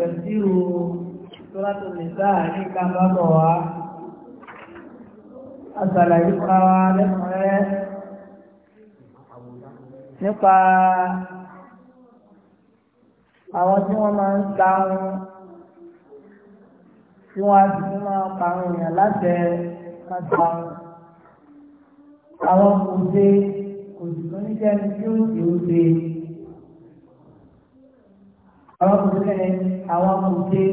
tẹ̀síru tọ́látò nìsáà ní kábàbọ̀ wá àṣàlàyé káwá lẹ́kùnrẹ́ nípa àwọn tí wọ́n máa ń ta ohun tí wọ́n á sì tún máa pa àwọn èèyàn láti káta àwọn kò dé kò sì tún ní jẹ́ni tí ó sì àwọn kò dé àwọn ọmọ òde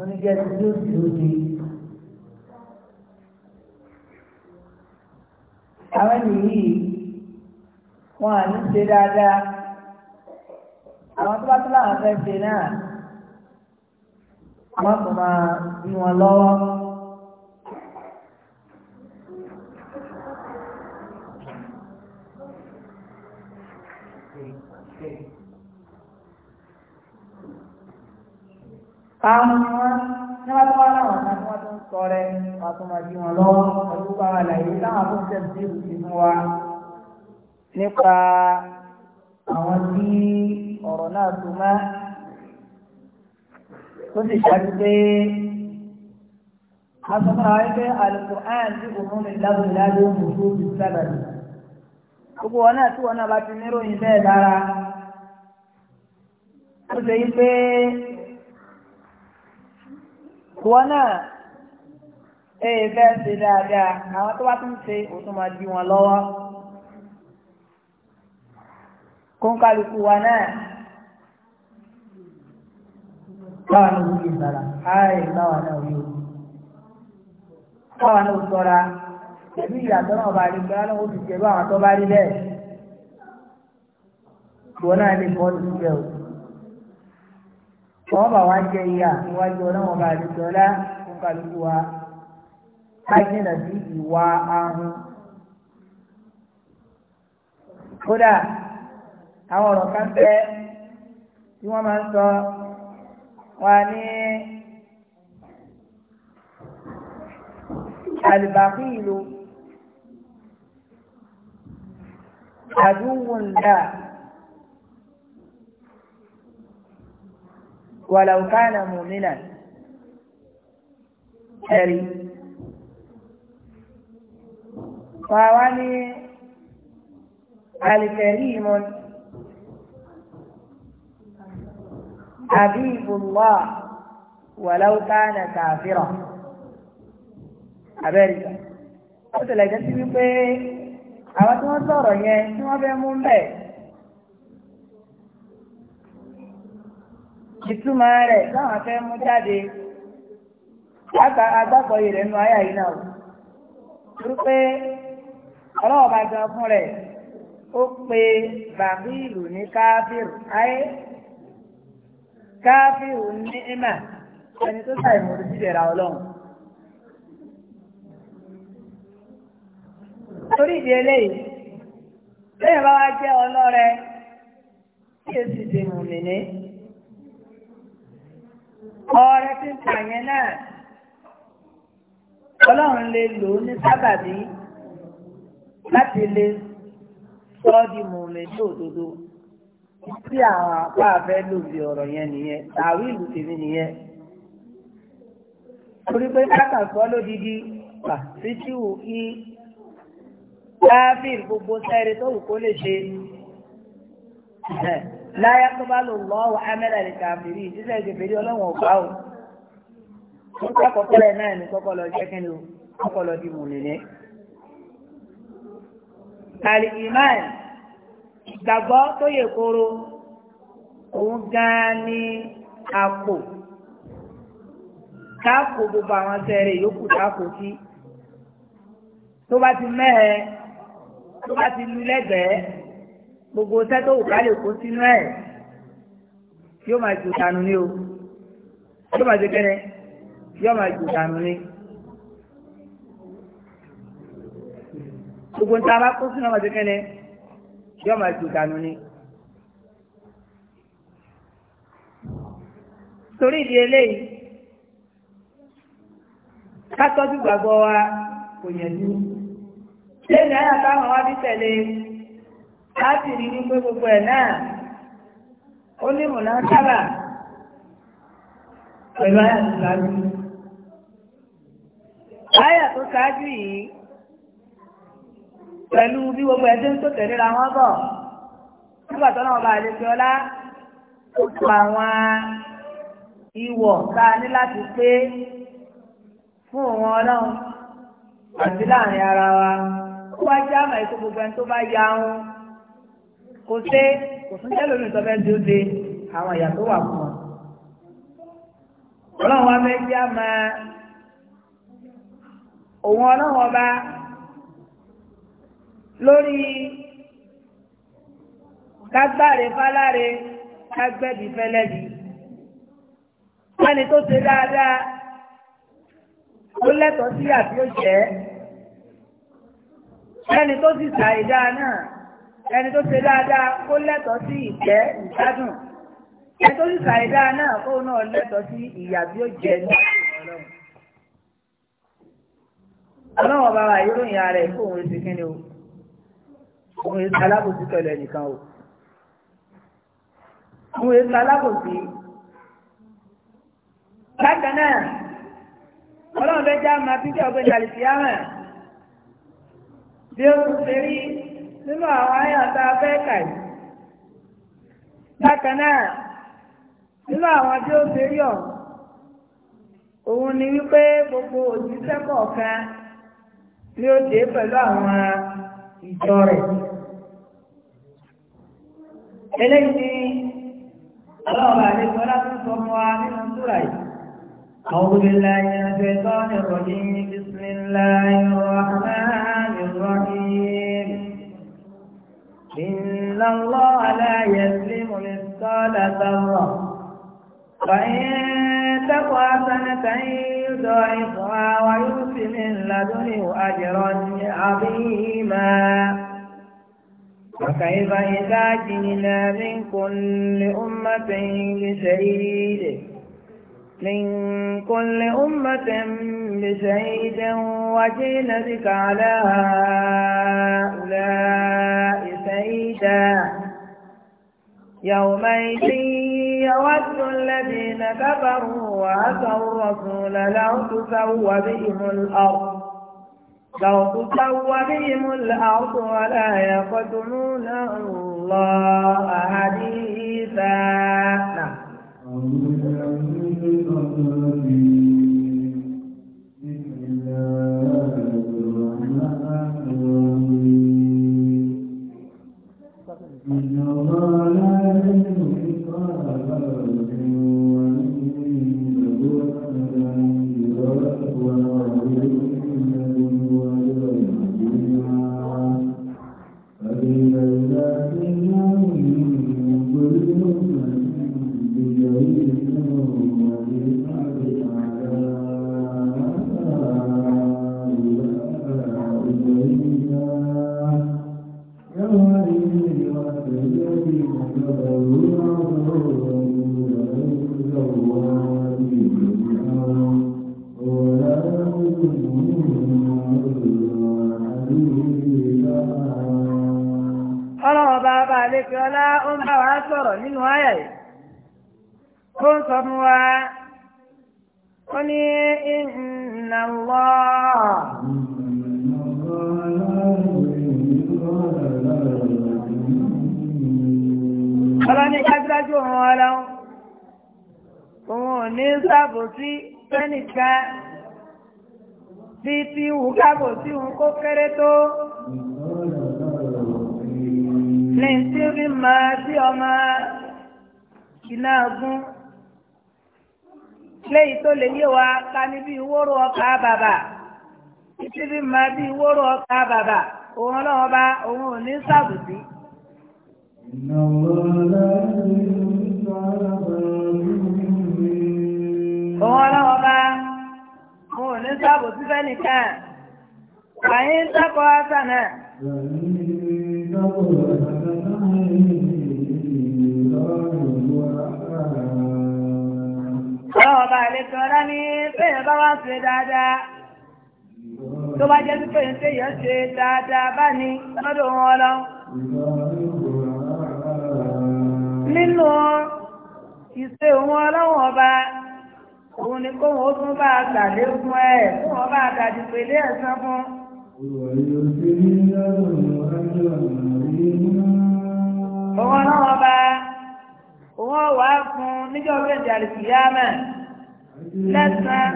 oníjẹ́ tí ó sì lóde. àwọn ènìyí wọn à ní ṣe dáadáa àwọn tó bá tó láwọn fẹ́ ṣe náà àwọn kò máa bí wọn lọ́wọ́. àwọn ni wọ́n tó wá láwọn ọ̀nà tí wọ́n tó ń sọ rẹ̀ wọ́n tó máa di wọn lọ́wọ́ pẹ̀lú báwa làyè táwọn tó ń tẹ̀ sí ìlú ti fún wa nípa àwọn tí ọ̀rọ̀ náà tó má tó sì ṣáájú pé a sọ fún àwọn ẹgbẹ́ alukur'an tí òun ní lábùlá ló mú tó ti sábà lò gbogbo wọn náà tí wọn náà bá ti níròyìn bẹ́ẹ̀ lára ó ṣe yí pé ìwọ náà ee bẹ́ẹ̀ ṣe dáadáa àwọn tó bá tún ṣe ó tún máa di wọn lọ́wọ́ kóńkálukú wa náà báwa náà wúlò ìsàlà ààrẹ báwa náà wúlò báwa náà sọ́ra ẹ̀bí ìyàtọ̀ náà bá rí gbá náà ó ti jẹ́ báwa tó bá rí bẹ́ẹ̀ ìwọ náà lè bọ́ ti jẹ́ o wọ́n bá wá jẹ ìyá níwájú ọlọ́wọ́n bá àlejò ọlá fún kálukú wa ká jìnnà sí ìwà ahun. kódà àwọn ọ̀rọ̀ kan tẹ́ tí wọ́n máa ń sọ wa ní àlùbáfíì ìlú àdúgbò ńlá. walau kana mu'mina ẹ̀rí. Fàwa ní àlìkẹ̀rí ìmọ̀ àbí ìbùnwà walau kana kafira. Abẹ́rìkà. Ó tẹ̀lẹ̀ jẹ́ sí wípé àwọn tí wọ́n sọ̀rọ̀ yẹn tí wọ́n fẹ́ mú bẹ́ẹ̀. ìtumọ̀ rẹ̀ táwọn fẹ́ mú jáde agbábọ̀ yìí rẹ̀ nù ayà yìí náà torí pé ọlọ́wọ́ bá gan fún rẹ̀ ó pe bàbílù ní káfíìrù ayé káfíìrù ní ìmà ẹni tó sàì mú orí sílẹ̀ ra ọlọ́run. torí ìdí eléyìí lẹ́yìn bá wá jẹ́ ọlọ́rẹ kí èsì ti mú mi ní ọrẹ tí ń tà yẹn náà ọlọ́run lè lò ó ní sábàbí láti lè sọ ọ́ di mùmẹ́tò òdodo tí àwọn àpá abẹ́ lòdì ọ̀rọ̀ yẹn nìyẹn tàwí ìlú tèmi nìyẹn torí pé kákàkọ́ lódìdí pa títí wù í káfíìn gbogbo sẹ́ẹ̀rẹ́ tó wù kó lè ṣe láyá tó bá lò lọ́wọ́ amẹ́rẹ́ àdìkà àfìrí ìdílé ìgbèbèrè ọlọ́wọ́n ọ̀pá o ó kẹ́kọ̀ọ́ tẹ́lẹ̀ náà ní kọ́kọ́ lọ jẹ́ kí ni o kọ́kọ́ lọ di mùnìní. àlì ìmáì ìgbàgbọ́ tó yẹ kóró òun gan-an ní àpò táàkò gbogbo àwọn sẹ́rẹ̀ yòókù táàkò sí tó bá ti mẹ́ẹ̀ẹ́ tó bá ti lu lẹ́gbẹ̀ẹ́ gbogbo iṣẹ́ tó wù ká lè kó sínú ẹ̀ yóò máa ju dànù ni o yóò máa ṣe kẹ́rẹ́ yóò máa ju dànù ni. gbogbo nta bá kó sínú ọmọ ṣe kẹ́rẹ́ yóò máa ju dànù ni. torí ìdí eléyìí ká tọ́jú gbàgbọ́ wa kò yẹn dúró. lẹ́nu ẹ̀yà táwọn wá bí tẹ̀lé láti rí ní pé gbogbo ẹ̀ náà ó ní mùnásábà pẹ̀lú àyà tó ṣáájú. Àyà tó ṣáájú yìí pẹ̀lú bí gbogbo ẹ̀ tó ń tòkè níra wọn bọ̀ nígbà tó náà bá a lè fi ọlá tó tu àwọn ìwọ̀ tá a ní láti pé fún òun ọlọ́run àti láàrin ara wa. Ó wá jẹ́ àmọ̀ ètò gbogbo ẹni tó bá ya ohun kò ṣe kò tún jẹ́ lórí ìtọ́fẹ́ tí ó ṣe àwọn ìyà tó wà fún ọ. ọlọ́run wa fẹ́ jẹ́ àmà òun ọlọ́run ọba lórí kágbáre fáláre kágbẹ́bí fẹ́lẹ́bí. ẹni tó ṣe dáadáa ó lẹ́tọ̀ọ́ sí àti ó jẹ́ ẹni tó sì ṣàìdá náà ẹni tó ṣe dáadáa kó lẹ́tọ̀ọ́ sí ìfẹ́ ìgbádùn ẹni tó sì ṣàìdá náà kó náà lẹ́tọ̀ọ́ sí ìyà bí ó jẹ ní ọlọ́wọ́ bá wa yóò yàn ara ẹ̀ kó òun ṣe kíni o òun ṣe alábòsí pẹ̀lú ẹnìkan o òun ṣe alábòsí bákan náà ọlọ́run fẹ́ já máa bí kí ọgbẹ́ni àlìsíyá hàn bí ó tún ṣe rí. nínú àwọn àyàtà afẹ́kà yìí bákan náà nínú àwọn tí ó ṣe yọ òun ni wípé gbogbo òjíṣẹ́ kọ̀ọ̀kan ni ó dé pẹ̀lú àwọn ìjọ rẹ̀ eléyìí ni ọlọ́ọ̀bà àlejò ọlọ́run sọ fún wa nínú súrà yìí. أعوذ بالله من الشيطان الرجيم بسم الله الرحمن الرحيم إن الله لا يسلم مثقال ذرة فإن تقوى سنة يضعفها ويؤتي من لدنه أجرا عظيما وكيف إذا جئنا من كل أمة بشهيد من كل أمة بشهيد وجئنا بك على هؤلاء شهيدا يومئذ يود الذين كفروا وعصوا الرسول لو تسوى بهم الأرض لو تسوى بهم الأرض ولا يقتلون الله حديثا نعم. Amen. sọ fún wa ó ní inna Allah. ọlọ́ni dájúdájú òun ọlọ́run òun ò ní sábò sí fẹ́nìkan bí ti wù kábò sí òun kó kéré tó ní tí ó fi máa sí ọmọ iná léyìí tó lè yé wa ká ní bí ọkà bàbà títí bí máa bí wóró ọkà bàbà òun ọlọ́wọ́ bá òun ò ní sàbùsí. òun ọlọ́wọ́ bá òun ò ní sàbùsí fẹ́nìkan wàyí ń tẹ́kọ̀ọ́ ọba àlejò ọlá ní fẹ́yìn bá wá ṣe dáadáa tó bá jẹ́ sí pé ṣe yẹn ṣe dáadáa bá ní lọ́dọ̀ wọn lọ. nínú ìṣe òun ọlọ́wọ́n ọba òun ni kóhun ó tún bá a ṣàlékún ẹ̀ fún ọba àtàdìpé ilé ẹ̀sán fún. òun ọlọ́wọ́n ọba òun ọ̀wá fún níjọ́ gbèjì àlùkìyámẹ́ lẹ́sàn-án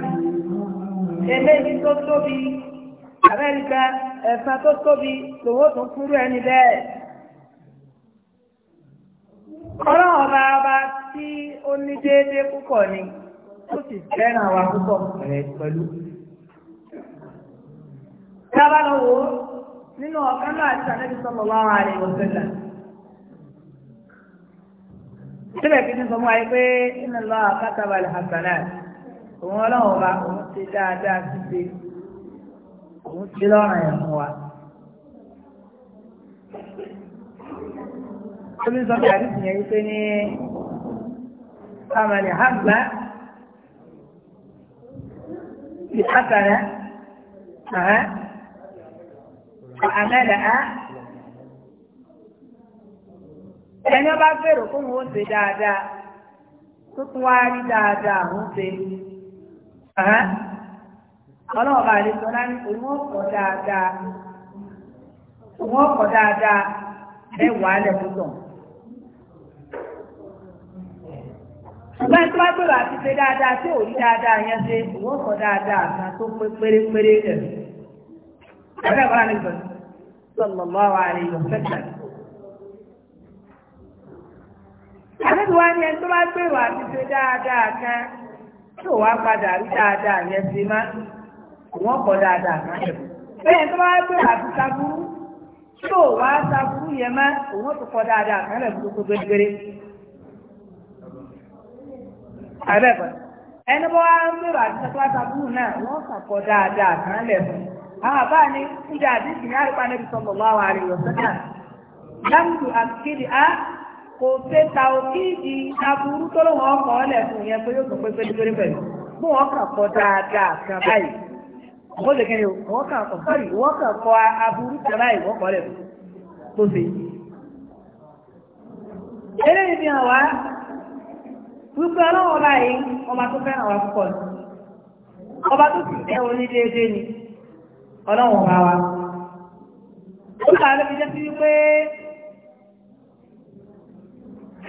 eléyìí tó tóbi abẹ́ríkà ẹ̀fà tó tóbi lòun ó tún kúrú ẹni bẹ́ẹ̀. ọlọ́run ọba ọba tí ó ní déédéé púpọ̀ ni ó sì fẹ́ràn wa púpọ̀ pẹ̀lú. tábà lọ wò ó nínú ọ̀kan náà àti àlejò sọ̀rọ̀ wá wà ní ìwọ̀sẹ̀lá. síbẹ̀ kí ni sọ fún wa yìí pé inna Allah kataba al-hasanat òun ọlọ́run wa òun ti dáadáa síse òun ti lọ́rùn ẹ̀ fún wa. Tóbi sọ pé àdìsí yẹn wípé ní Amàlì Hàgbà ti Hàkàrà Àmàlà Á. Ẹni ọba fèrò fún òun ṣe dáadáa, tó tún wá rí dáadáa òun ṣe. ọlọ́ọ̀bà àdìsọ́lá ní òun ọ̀pọ̀ dáadáa dáadáa ẹwà alẹ́ tó ṣùgbọ́n tí wọ́n gbèrò àti ṣe dáadáa tí ò rí dáadáa yẹn ṣe òun ọ̀pọ̀ dáadáa tó pé pérépéré sọ̀lọ̀lọ́ fẹ́tà. ni ẹni tó bá gbèrò àti dáadáa kan tí òwá padà rí dáadáa yẹn ti má wọ́n kọ́ dáadáa má yẹ. bẹ́ẹ̀ tó bá gbé àti sábúrú tí òwá sábúrú yẹn má òun tó kọ́ dáadáa má lẹ̀ gbogbo gbẹgbẹrẹ. àbẹ̀kọ̀ ẹni bọ́ wá àti sábúrú náà wọ́n kọ́ dáadáa má lẹ̀ àwọn àbá ni ìjà àdìsí ní kò ṣe ta òkìdí aburú tó ló wọn kọ́ ọ́lẹ̀ fún yẹn pé yóò tó pé pẹ́lú pẹ́lú pẹ̀lú bí wọ́n kà kọ́ dáadáa kan báyìí wọ́n lè kẹ́ni wọ́n kà kọ́ sọ́ọ̀rì wọ́n kà kọ́ aburú kan báyìí wọ́n kọ́ ọ́lẹ̀ fún tó ṣe yìí. eléyìí fi hàn wá wípé ọlọ́wọ́ báyìí ọba tó fẹ́ràn wá púpọ̀ ni ọba tó sì jẹ́ oní déédéé ni ọlọ́wọ́ bá wa. ó kà fi jẹ́ sí wípé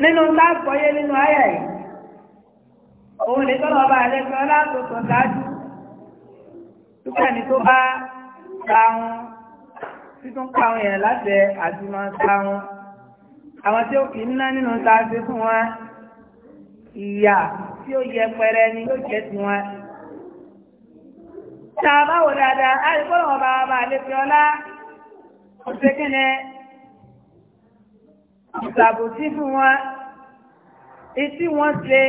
nínú táàgbọ́yé nínú ayà yìí òun lè tọ́lọ̀ ọba àlẹ́fẹ́ ọlátòtò dájú túkẹ́ ní tó bá sáwọn títún káwọn yẹn láti àti máa sáwọn àwọn tí ó kì í ná nínú táàgbé fún wọn ìyà tí ó yẹ pẹrẹ ni yóò jẹ ti wọn tá a bá wò dáadáa àìkọ́lọ̀ ọba ọba àlẹ́fẹ́ ọlá ọ̀sẹ̀kẹ́nẹ́ ìsàbòsí fún wọn ìtí wọ́n ṣe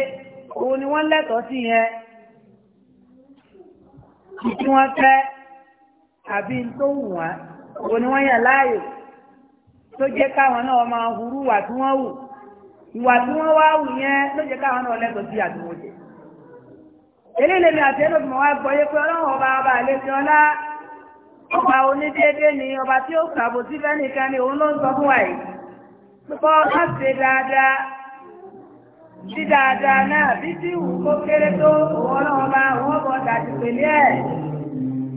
òun ni wọ́n lẹ́tọ̀ọ́ sí yẹn ìtí wọ́n fẹ́ àbí tó wù wọ́n òun ni wọ́n yàn láàyò tó jẹ́ káwọn náà máa hurú wà tí wọ́n wù ìwà tí wọ́n wá wù yẹn ló jẹ́ káwọn náà lẹ́tọ̀ọ́ sí àdúgbò jẹ. eléyìí ni àti ẹlòmíràn wá gbọ́ yé pé ọlọ́run ọba ọba àlejò ọlá ọba onídéédé ni ọba tí ó kàbò sí fẹ́nìkan ni òun ló ń sọ fún wa yìí. pípọ́ láti ṣe dáadáa bí dáadáa náà bí tí ìwù kó kéré tó wọ́n náà bá wọ́n bọ̀ dàjú pèlé ẹ̀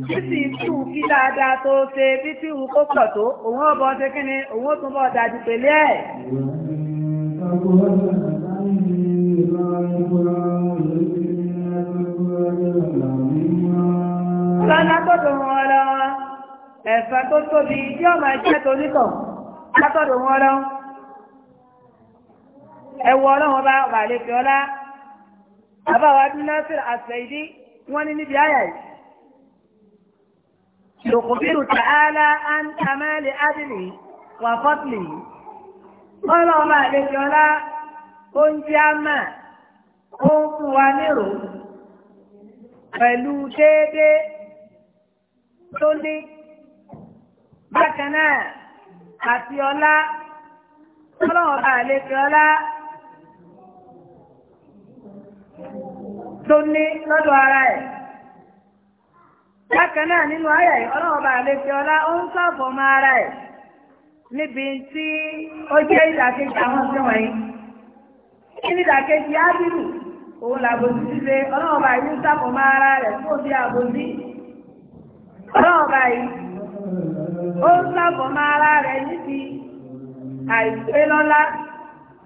bí tí ìwù kí dáadáa tó ṣe bí tí ìwù kó pọ̀ tó òun ọ̀bọ̀ ṣe kí ni òun ó tún bọ̀ dàjú pèlé ẹ̀. lọ́nà gbọ́dọ̀ wọn lọ ẹ̀fà tó tóbi yóò máa jẹ́ tonítọ̀ látọ̀dọ̀ wọn lọ ẹwọ ọlọ́wọ́n bá wà lè fi ọlá bàbá wa bí násìr àṣẹyìdí wọ́n ní níbi àyà yìí. Lòkùnbírù tààlà án tàmálì ádìlì wà fọ́tìlì. Ọlọ́wọ́n bá lè fi ọlá oúnjẹ àmà ó wa nírò pẹ̀lú déédéé tó ní bákan náà àti ọlá. Ọlọ́wọ́n bá lè ọlá. tó ní lọ́dọ̀ ara ẹ̀. Bákan náà nínú ayà yìí, ọlọ́run bá lè fi ọlá ó ń sọ̀fọ̀ mọ́ ara ẹ̀ níbi tí ó jẹ́ ìdàkejì àwọn tí wọ̀nyí. Kí ni ìdàkejì ábírù? Òun làbòsí ṣíṣe, ọlọ́run bá yìí ń sọ̀fọ̀ mọ́ ara rẹ̀ fún òbí àbòsí. Ọlọ́run yìí, ó ń sọ̀fọ̀ mọ́ ara rẹ̀ níbi àìpé lọ́lá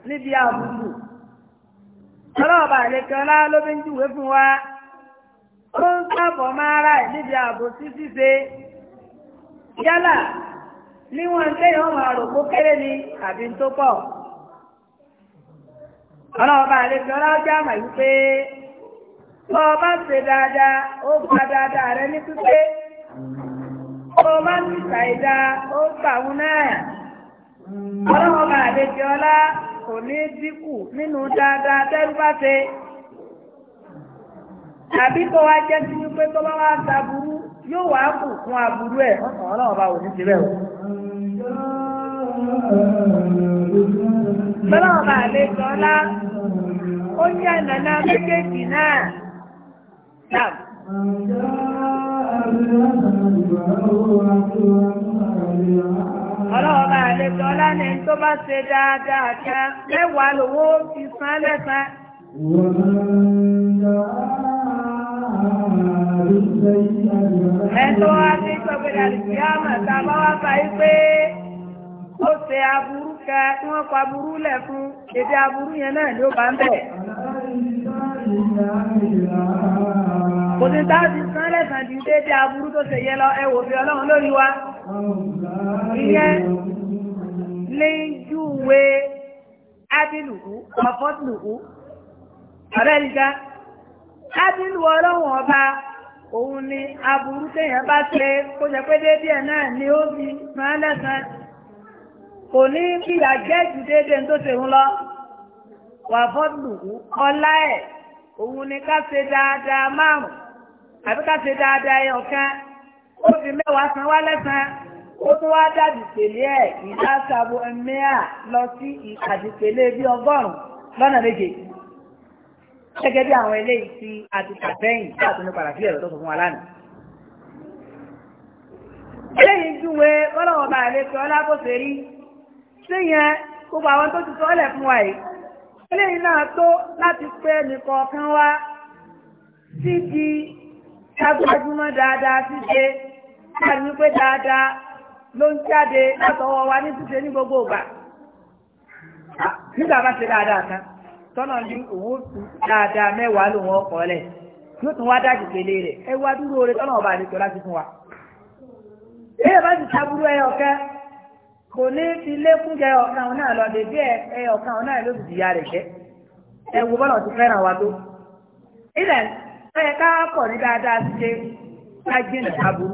níbi àbùkù. ọlọ́ọ̀bà ọba ọlá ló ń fún wa ó ń sábọ̀ máa ra ẹ̀ ààbò sí ṣíṣe yálà níwọ̀n tẹ́yìn ọmọ àròkó kéré ni àbí tó pọ̀ ọlọ́ọ̀bà àlekẹ́ ọlá pé ọ bá ṣe gba dáadáa rẹ ní pípé bọ́ náà ò ní dínkù nínú dáadáa tẹ́rú bá ṣe àbí tó wá jẹ́ sí wípé tó bá wá ṣàbùrú yóò wá kù fún aburú ẹ̀ ọlọ́run bá wò ní síbẹ̀ o. Bọ́lọ́run bá lè sọ ọ́lá, ó jẹ́ ìnànà méjèèjì náà. Dàm. Àjọ àbúrò àti àwọn àwọn àti àwọn àwọn àti àwọn ọlọ́wọ́ bá àlejò ọlá tó bá ṣe dáadáa jẹ́ mẹ́wàá lówó fi san lẹ́sàn. ẹ̀tọ́ wa ní sọ́gbẹ̀dà lùkìyàmọ̀ tàbá wá bá yí pé ó ṣe aburú kẹ tí wọ́n pa aburú lẹ̀ fún èdè aburú yẹn náà ló bá ń bẹ̀. kò sí táàbì san lẹ́sàn ju déédéé aburú tó ṣe yẹ lọ ẹ wò ọlọ́run lórí wa ìyẹn lè júwe ádìlùkú ọ̀fọ́tìlùkú ọ̀rẹ́ ìjà ádìlù ọlọ́wọ̀n ọba òun ni aburú téèyàn bá ṣe kó jẹ pé déédéé náà ni ó máa lẹ́sàn-án kò ní fìyà jẹ́ déédéé tó ṣe ń lọ wà ọlá ẹ̀ òun ni ká ṣe dáadáa márùn-ún àbí ká ṣe dáadáa ẹ̀ ọ̀kan ó fi mẹ́wàá san wá lẹ́sàn-án ó tún wá dàdìpèlé ẹ̀ ìdásàbò ẹ̀mẹ́à lọ sí àdìpèlé bí ọgọ́rùn-ún lọ́nà méje gẹ́gẹ́ bí àwọn eléyìí ti àdìpàtẹ́yìn láti ní padà sílẹ̀ lọ́tọ̀ fún wa lánàá. eléyìí júwe ọlọ́wọ́ bá ilé fi ọlá kó ṣe rí síyẹn gbogbo àwọn tó ti sọ ọ́lẹ̀ fún wa yìí eléyìí náà tó láti pé nìkọ̀ọ̀kan wá sí di ṣáájú ajúmọ́ dáadáa ṣíṣe láti ní pé dáadáa ló ń jáde látọwọ́ wa ní ṣíṣe ní gbogbo ìgbà nígbà bá ṣe dáadáa kan tọ́nà ní òwò dáadáa mẹ́wàá lòun ọkọ̀ lẹ̀ yóò tún wá dájú pèlè rẹ̀ ẹ wá dúró oore tọ́nà ọba àdìsọ láti fún wa. bá ti ṣàbúrú ẹ ọ̀kẹ́ kò ní fi lékún jẹ ọ̀kan ẹ ọ̀kan ló ti dìyà rẹ̀ jẹ́ ẹ wo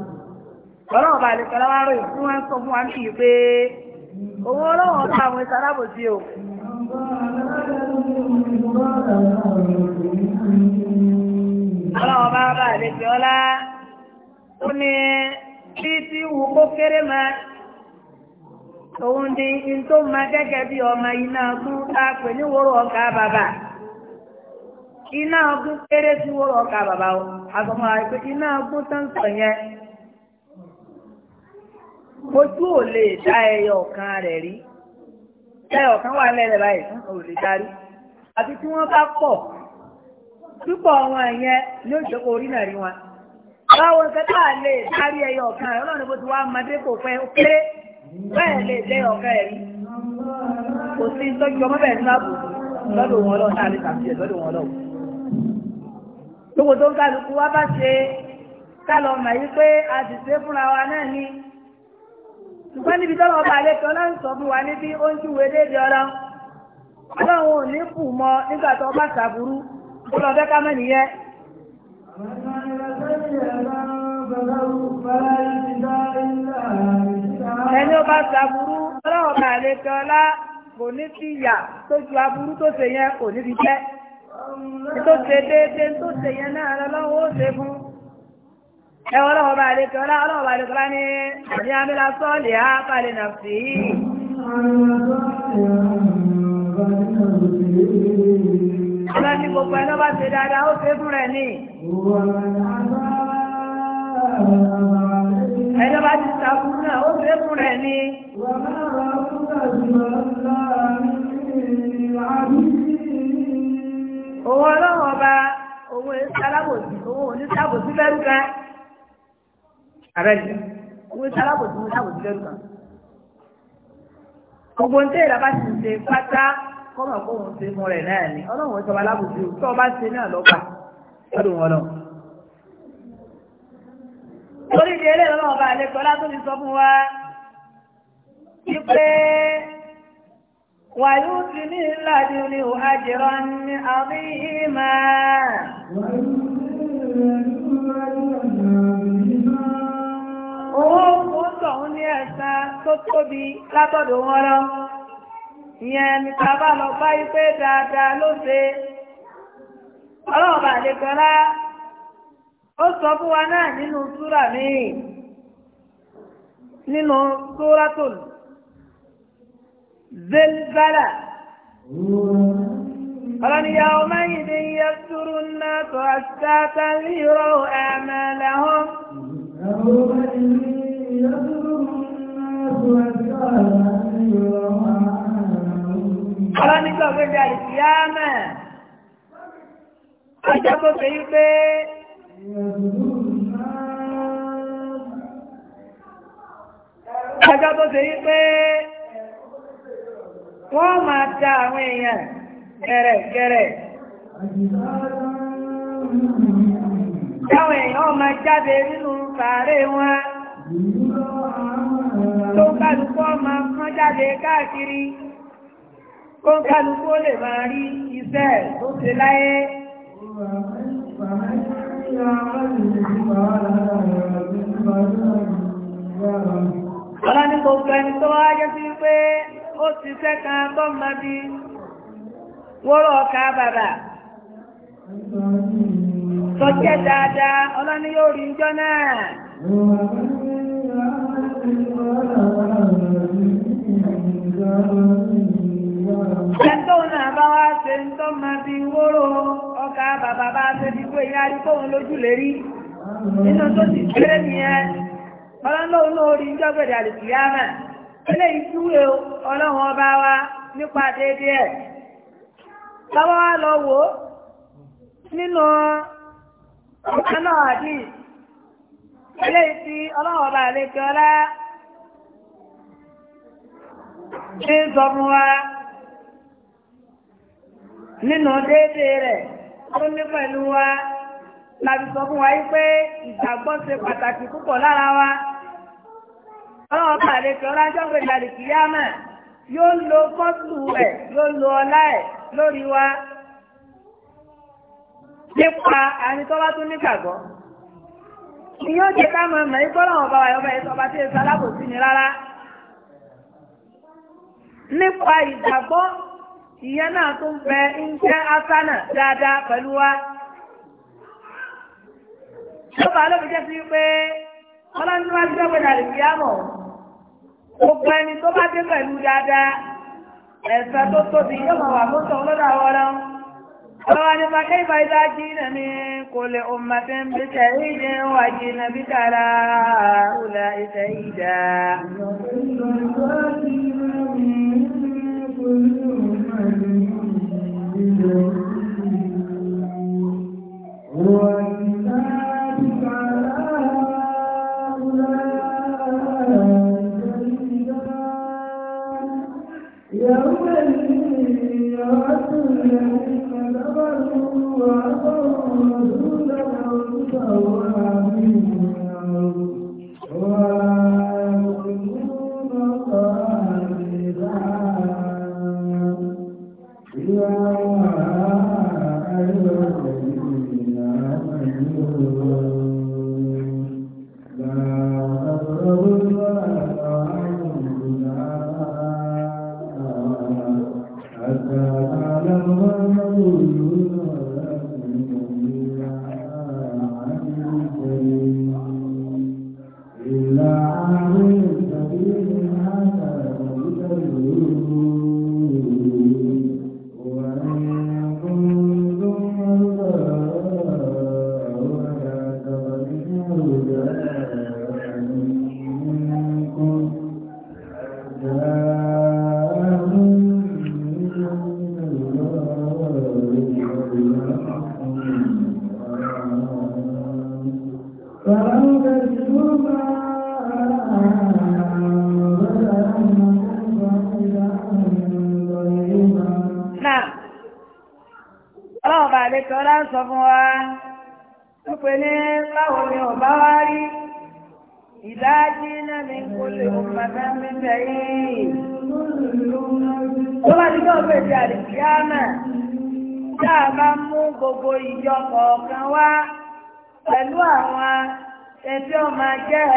ọlọ́run bá lè kọ́lá wá rò tí wọ́n ń sọ fún wa ní pé owó ọlọ́run bá àwọn ètò o. ọlọ́run bá bá lè ọlá ó ní tí kó kéré ma gẹ́gẹ́ bí ọmọ iná ọdún tá ní bàbà iná kéré sí bàbà o ojú ò lè dá ẹyọ ọ̀kan rẹ̀ rí ẹyọ ọ̀kan wà lẹ́rẹ̀ báyìí ò lè darí àti tí wọ́n bá pọ̀ púpọ̀ wọn yẹn ló jókòó orí náà rí wọn báwo ṣe bá lè darí ẹyọ ọ̀kan rẹ̀ ọlọ́run bó ti wá máa kò pẹ́ ó kéré bẹ́ẹ̀ lè dé ọ̀kan rẹ̀ rí kò sí tọ́jú ọmọ bẹ́ẹ̀ ní ààbò lọ́dọ̀ wọn lọ́wọ́ náà tàbí lọ́dọ̀ wọn lọ́wọ́ gbogbo tó ń kálukú wá bá ṣe ká lọ mọ̀ yí pé a sì ṣe fúnra wa náà ni ṣùgbọ́n níbi tọ́lọ́ ọba àlejò ọlọ́run sọ fún wa níbi ó ń déédéé ọlọ́run ọlọ́run ò ní kù mọ nígbà tó bá ṣàbùrú tó lọ fẹ́ ká mọ̀ nìyẹn. ẹni ó bá ṣàbùrú ọlọ́run ọba àlejò ọlá kò ní fi yà tó aburú tó ṣe yẹn kò ní jẹ́ tó ṣe déédéé tó ṣe yẹn náà lọ́wọ́ ó ṣe fún ẹwọ ọlọ́wọ́ bá lè kọ́lá ọlọ́wọ́ bá lè kọ́lá ní àbí amílá sọ́ọ̀lì á pàlẹ̀ nà sí i. ọlọ́ ní gbogbo ẹni bá ṣe dáadáa ó ṣe fún rẹ̀ ní. ẹni bá ti sàkún náà ó ṣe fún rẹ̀ ní. owó ọlọ́wọ́ bá owó sálábòsí owó onísàbòsí lẹ́rú kan abẹ́rẹ́ owó tí alábòsí wọn sábòsí lẹ́nu kan. gbogbo ń tẹ́lẹ̀ bá ti ṣe pátá kọ́mọ̀ kó wọn ṣe mọ́ rẹ̀ náà ni ọlọ́run ọ̀ṣọ́ alábòsí o tó o bá ṣe náà lọ́gbà lọ́dún wọn lọ. torí di eléyìí lọ́wọ́ bá àlejò látó ti sọ fún wa kí pé wàyú ti ní ńlá ni o ní o àjẹrọ ní àbí ìmọ̀. wàyú Owó fún tọ̀hún ní ẹ̀san tó tóbi látọ̀dọ̀ wọn lọ. Ìyẹn ni ta bá lọ bá ipé Ó sọ fún wa náà nínú súrà míì. Nínú súrà tó lù. Zelzala. قال يومئذ يسر الناس أشتاتا ليروا أعمالهم يومئذ يصدر الناس أشتاتا ليروا Ọlọ́nìgbà ògbèjà ìsìyámẹ̀, ọjọ́ kó ṣe yí pé ọjọ́ tó ṣe yí pé wọ́n máa ta àwọn èèyàn gẹ̀rẹ̀gẹ̀rẹ̀ táwọn èèyàn máa jáde nínú sàárè wọn tó kálukú máa kán jáde káàkiri kó kálukú lè máa rí iṣẹ́ tó ṣe láyé Ọlá ní gbogbo ẹni tó wá jẹ́ sí pé ó ti fẹ́ kan tó máa bí wóró ọkà bàbà. tọ́jẹ́ dáadáa ọlọ́ni yóò rí ijọ́ náà. Ẹ̀tọ́ náà bá wá ṣe ń tọ́ máa fi wóró ọkà bàbá bá ṣe fi ìyá lójú lérí. Nínú tó ti nìyẹn, náà rí ijọ́ Eléyìí túwé ọlọ́run ọba wa nípa déédéé wa lọ wò ó nínú ọ̀kan náà dì eléyìí tí ọlọ́wọ́ bá lè fi ọlá ṣe ń sọ fún wa nínú wa láti sọ fún wa yí pé ìgbàgbọ́ ṣe wa bá lè lo rẹ̀ lo ọlá ẹ̀ lórí wa. nípa ànitọ́lá tó nígbàgbọ́ ni yóò jẹ ká mọ ẹ̀mọ́ ikọ́ làwọn ọba wàyọ̀ bẹ́ẹ̀ sọba tí èso alábòsí ni rárá nípa ìgbàgbọ́ ìyẹn náà tó ń bẹ ń jẹ́ asánà dáadáa pẹ̀lú wa lọ́ba lóbi jẹ́ sí pé ọlọ́run wá sí ọ̀gbẹ́dà lè fi ámọ̀ gbogbo ẹni tó bá dé pẹ̀lú dáadáa ẹ̀sẹ̀ tó tóbi yóò mọ̀ wà mọ́tò ọlọ́dà wọ́ọ́rọ́. فقال فكيف إذا جئنا من كل أمة بشهيد وجئنا بك على هؤلاء شهيدا Thank you.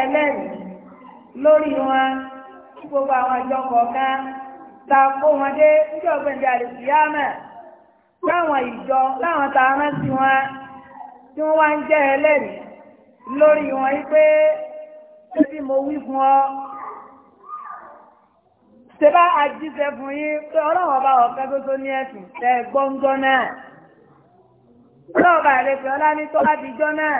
ẹlẹ́rìí lórí wọn kí gbogbo àwọn ìjọ kọ̀ọ̀kan ta wọn dé níjọ́ gbẹ̀ǹdẹ̀ àlùkìyámẹ̀ láwọn ìjọ láwọn tá sí wọn tí wọ́n wá ń jẹ́ ẹlẹ́rìí lórí wọn yí pé ṣébí mo wí fún ọ ṣe bá àjíṣẹ́ fún yín pé ọlọ́wọ́n bá ọ̀fẹ́ tó tó ní ẹ̀sìn tẹ gbọ́ngbọ́n náà ọlọ́wọ́n bá rẹ̀ fi ọlá ní tọ́lá dijọ́ náà.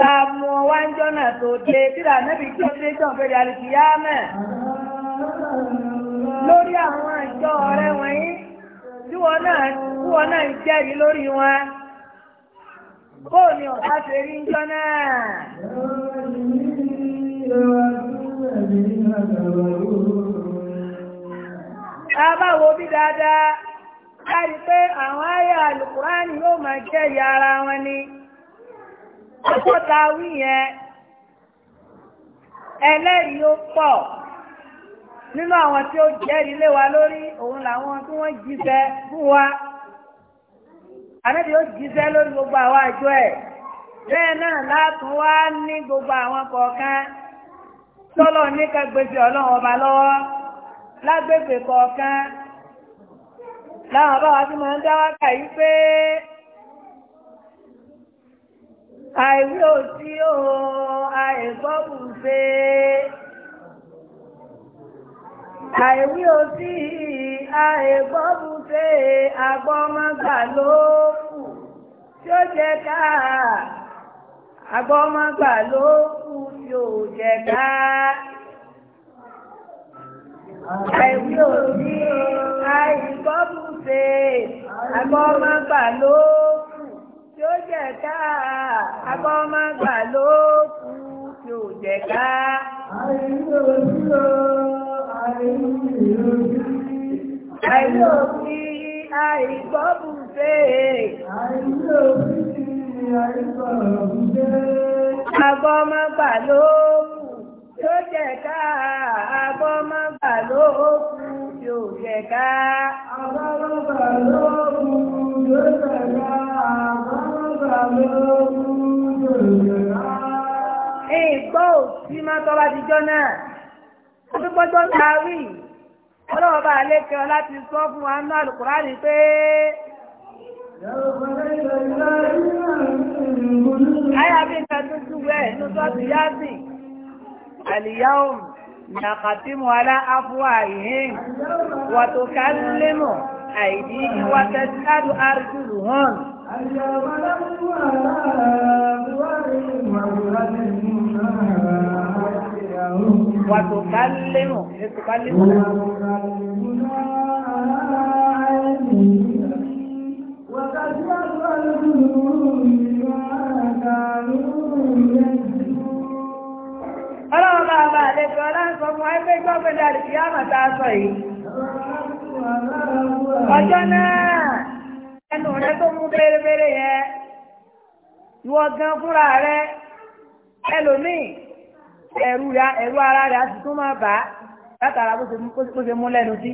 ta mú ọ jọna so jọ́nà tó dé tíra fẹ́rẹ̀ àlùkìyá lórí àwọn ìjọ ọ̀rẹ́ wọ̀nyí tí náà tí lórí wọn kó ní ọ̀tá rí a bá wo bí dáadáa, láti pé àwọn aya àlùkùránì yóò ma je ya ara wọn ni. Àkọ́ta wí yẹn ẹlẹ́rìí ó pọ̀ nínú àwọn tí ó jẹ́rìí lé wa lórí òun làwọn tí wọ́n jíṣẹ́ fún wa. ó jíṣẹ́ lórí gbogbo àwọn àjọ ẹ̀. Bẹ́ẹ̀ náà látún wá ní gbogbo àwọn kọ̀ọ̀kan tọ́lọ̀ ní kẹgbèsè ọlọ́run ọba lọ́wọ́ lágbègbè kọ̀ọ̀kan láwọn bá wa ti máa ń dá àìrí òsí o àìgbọ́bùnṣe àìrí òsí àìgbọ́bùnṣe agbọ́mọ́gbà ló kù tí ó jẹ ká agbọ́mọ́gbà ló kù tí ó jẹ ká àìrí òsí àìgbọ́bùnṣe agbọ́mọ́gbà ló kù tí ó jẹ ká abọ́ má gbà ló kú tí ò jẹ ká. àìní òbí o àìní òbí. àìní òbí àìgbọ́bùfẹ́. àìní òbí àìgbọ́bùfẹ́. abọ́ má gbà ló kú tí ó jẹ ká abọ́ má gbà ló kú tí ò jẹ Ìgbọ́ òsì máa tọ́lá dijọ́ náà. Adúgbọ́jọ́ sáré. Ọlọ́wọ́ bá lékẹ́ ọ láti sọ fún wa náà lùkùrá rí pé. Ayá bí nǹkan tó túwẹ̀ inú sọ́ọ̀tì yáàbì. Àlìyá òmù. Nàkàtìmù alá إذا بلغوا أزواجهم وأولادهم وتكلم تكلمنا وتشهد القلوب بما كانوا Ọlọ́run bá bá àlejò ọlọ́sọ fún ẹgbẹ́ ìgbọ́gbẹ̀dẹ̀ àdìyá màtà sọ yìí. Ọjọ́ náà ẹnu rẹ tó mú bérebére yẹn ìwọ gan fúnra rẹ ẹlòmíì ẹ̀rù ara rẹ àti tó máa bà á látara bó ṣe mú lẹ́nu sí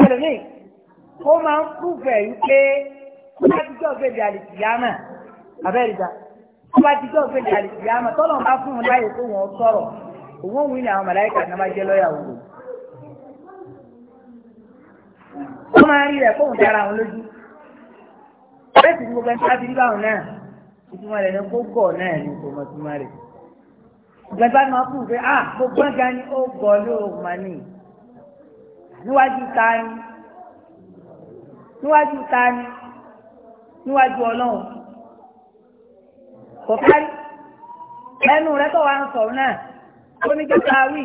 ẹlòmíì ó máa ń kúfẹ̀ yìí pé ó bá ti jọ́ gbèdé àlìkìyámà abẹ́rìdá ó bá ti jọ́ gbèdé àlìkìyámà tọ́lọ̀ ń bá fún un láyè tó wọ́n sọ̀rọ̀ òun òun ni àwọn màláìkà náà máa jẹ́ lọ́yà òun. wọ́n máa rí rẹ̀ fóun dára àwọn lójú bẹ́ẹ̀ sì ni gbogbo ẹni tí wọ́n ti rí báwọn náà ìtumọ̀ rẹ̀ ní kó gọ̀ náà ní kò mọ̀ ìtumọ̀ rẹ̀ ìgbẹ́gbẹ́ máa kú pé ah gbogbo ẹ̀ga ni ó gọ̀ ló mà ní níwájú ta ni níwájú ta ni níwájú ọlọ́run kò kárí ẹnu rẹ̀ tó wà ń sọ̀rọ̀ náà ó ní jẹ́ ká wí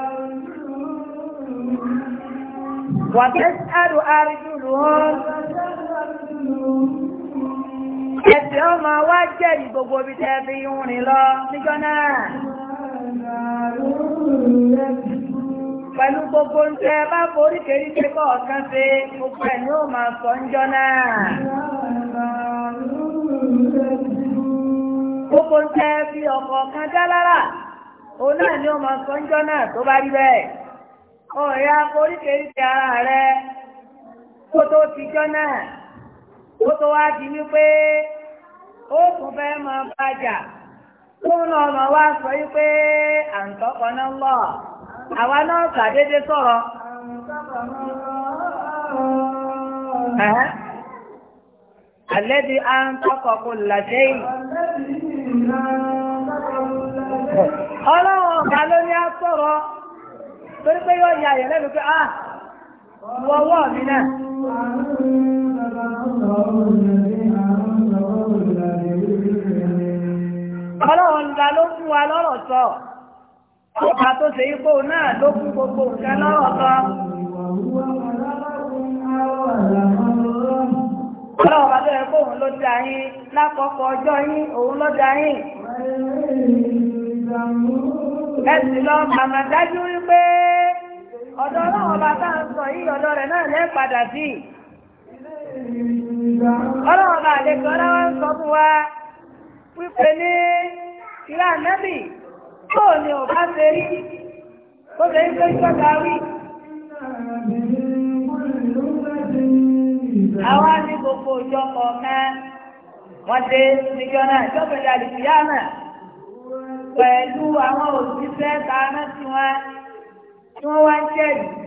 وتسأل أرجلهم ẹ̀sìn ọmọ wa jẹ́rìí gbogbo ibi tẹ́ fi ń rìn lọ níjọ́ náà pẹ̀lú gbogbo ń tẹ́ bá forí kèrí ṣe kọ́ ọ̀kan ṣe gbogbo ẹ̀ ní ó máa sọ níjọ́ náà gbogbo ń tẹ́ fi ọkọ̀ kan já lára òun náà ni ó máa sọ níjọ́ náà tó bá rí bẹ́ẹ̀. ọ̀rẹ́ aforíkèríkè ara kó tó ti jọ́ náà kó tó wá di wípé ó fẹ́ máa bàjà tó ń lọ ọmọ wa sọ wípé à ń tọ́kọ náà lọ àwa náà ṣàdédé sọ̀rọ̀. Àlẹ́bí ń tọ́kọ̀ kò yìí. Ọlọ́run ọ̀gá ló torí pé yóò ya àyẹ̀ lẹ́nu pé ah wọ mi náà. ọlọ́run ńlá ló fún wa lọ́rọ̀ sọ ọ̀pá tó ṣe ipò náà ló fún gbogbo nǹkan lọ́rọ̀ sọ. Ọlọ́run bá bẹ̀rẹ̀ pé òun ló dá yín ọjọ́ yín, òun ló dá ẹ̀sìn lọ màmá dájú wípé ọ̀dọ̀ ọlọ́wọ́ bá tá ń sọ yìí ọ̀dọ̀ rẹ̀ náà lẹ́ padà sí. ọlọ́wọ́ bá àlejò ọlọ́wọ́ ń sọ fún wa wípé ní ìlà nẹ́bì tó ní ò ṣe rí ó ṣe ń pẹ̀lú àwọn òṣìṣẹ́ tààrà tí wọ́n tí wọ́n wá ń jẹ́rìí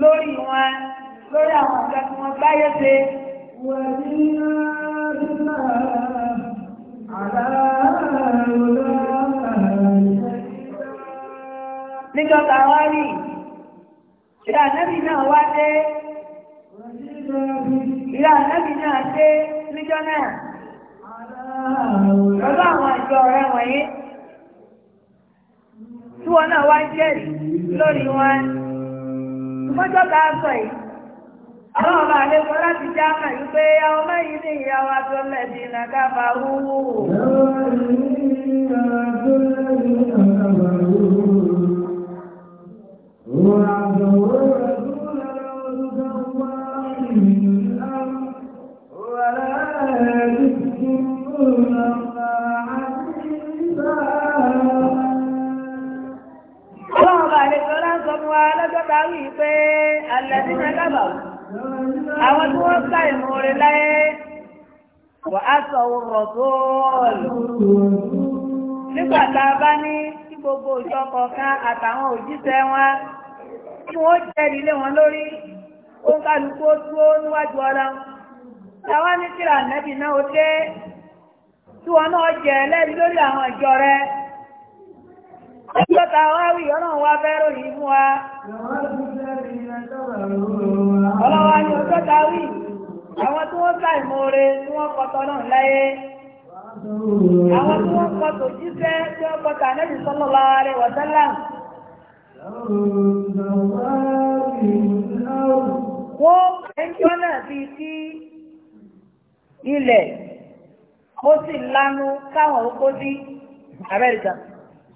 lórí wọn lórí àwọn ọ̀gá tí wọ́n báyé ṣe. Níjọ́ táwọn rí, ìrà nẹ́bì náà wá dé, ìrà náà dé níjọ́ náà. Pẹ̀lú àwọn àjọ ọ̀rẹ́ wọ̀nyí, tí wọn náà wá jẹ́rìí lórí wọn. Mọ́jọ́ ká sọ yìí, àwọn ọba àlékọ́ láti já mà yí pé àwọn mẹ́yìn ní ìyàwó Adọ́lẹ̀dì Nàgá bá wí pé alẹ́ àwọn tí wọ́n ká ìmúre láyé wà á sọ ọ̀rọ̀ bọ́ọ̀lù. nígbà tá a bá ní kí gbogbo ìjọ kọ̀ọ̀kan àtàwọn òjíṣẹ́ wọn tí wọ́n jẹ́rìí lé wọn lórí ó ń kálukú ó dúró níwájú ọ̀la. ní kíra náà ó dé tí Ọjọ́ ta wá wí ọlọ́run wá fẹ́ ròyìn fún wa. Ọlọ́wà ni ọjọ́ ta wí, àwọn tí wọ́n sá ìmoore tí wọ́n kọtọ náà láyé. Àwọn tí wọ́n kọtò jíṣẹ́ tí wọ́n kọtọ ànẹ́bì sallallahu alaihi wa sallam. Wọ́n ẹjọ́ náà fi kí ilẹ̀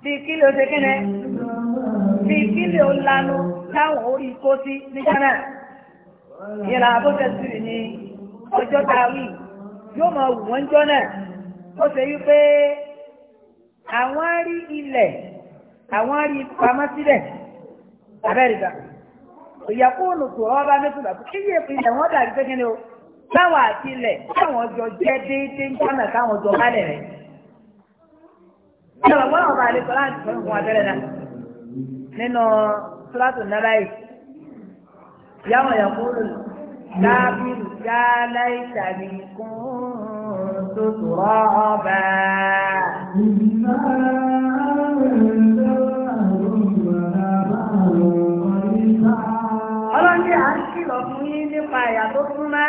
bí kílò ṣe kíni bí lanu táwọn orí kó sí ní ghana ìyẹn làwọn tó ní ọjọ́ tàwí yóò máa wù náà ó ṣe wípé àwọn rí ilẹ̀ àwọn rí pamọ́ sílẹ̀ abẹ́rìgbà òyàkóònù tó ọ bá mẹ́tòlá kí ìpínlẹ̀ wọ́n dàbí pé o táwọn àti ilẹ̀ táwọn jọ jẹ́ déédéé ń táwọn ìjọba ọba àlekọ láti fún abẹ́rẹ́ náà nínú sọ́láàtù náírà yìí yàwọn yàkúrò lábìrù já láìsà ní kún tó sọ̀rọ̀ ọba. ọlọ́dẹ à ń kìlọ̀ fún yín nípa ìyà tó kún mọ́.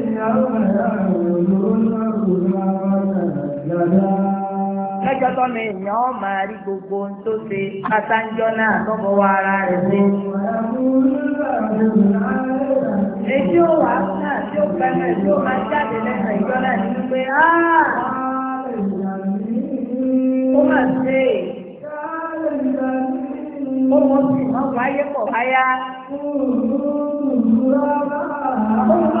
lọ́jọ́ tó ní èèyàn ó máa rí gbogbo ohun tó ṣe pátánjọ́ náà tó fọwọ́ ara rẹ̀ ṣe. èyí ò wá náà tí ó fẹ́ràn tí ó máa jáde lẹ́nu ìjọ náà ní pé ah! ó máa ṣe ó mọ̀ sí mọ́ wáyé pọ̀ wáyá. ó mọ̀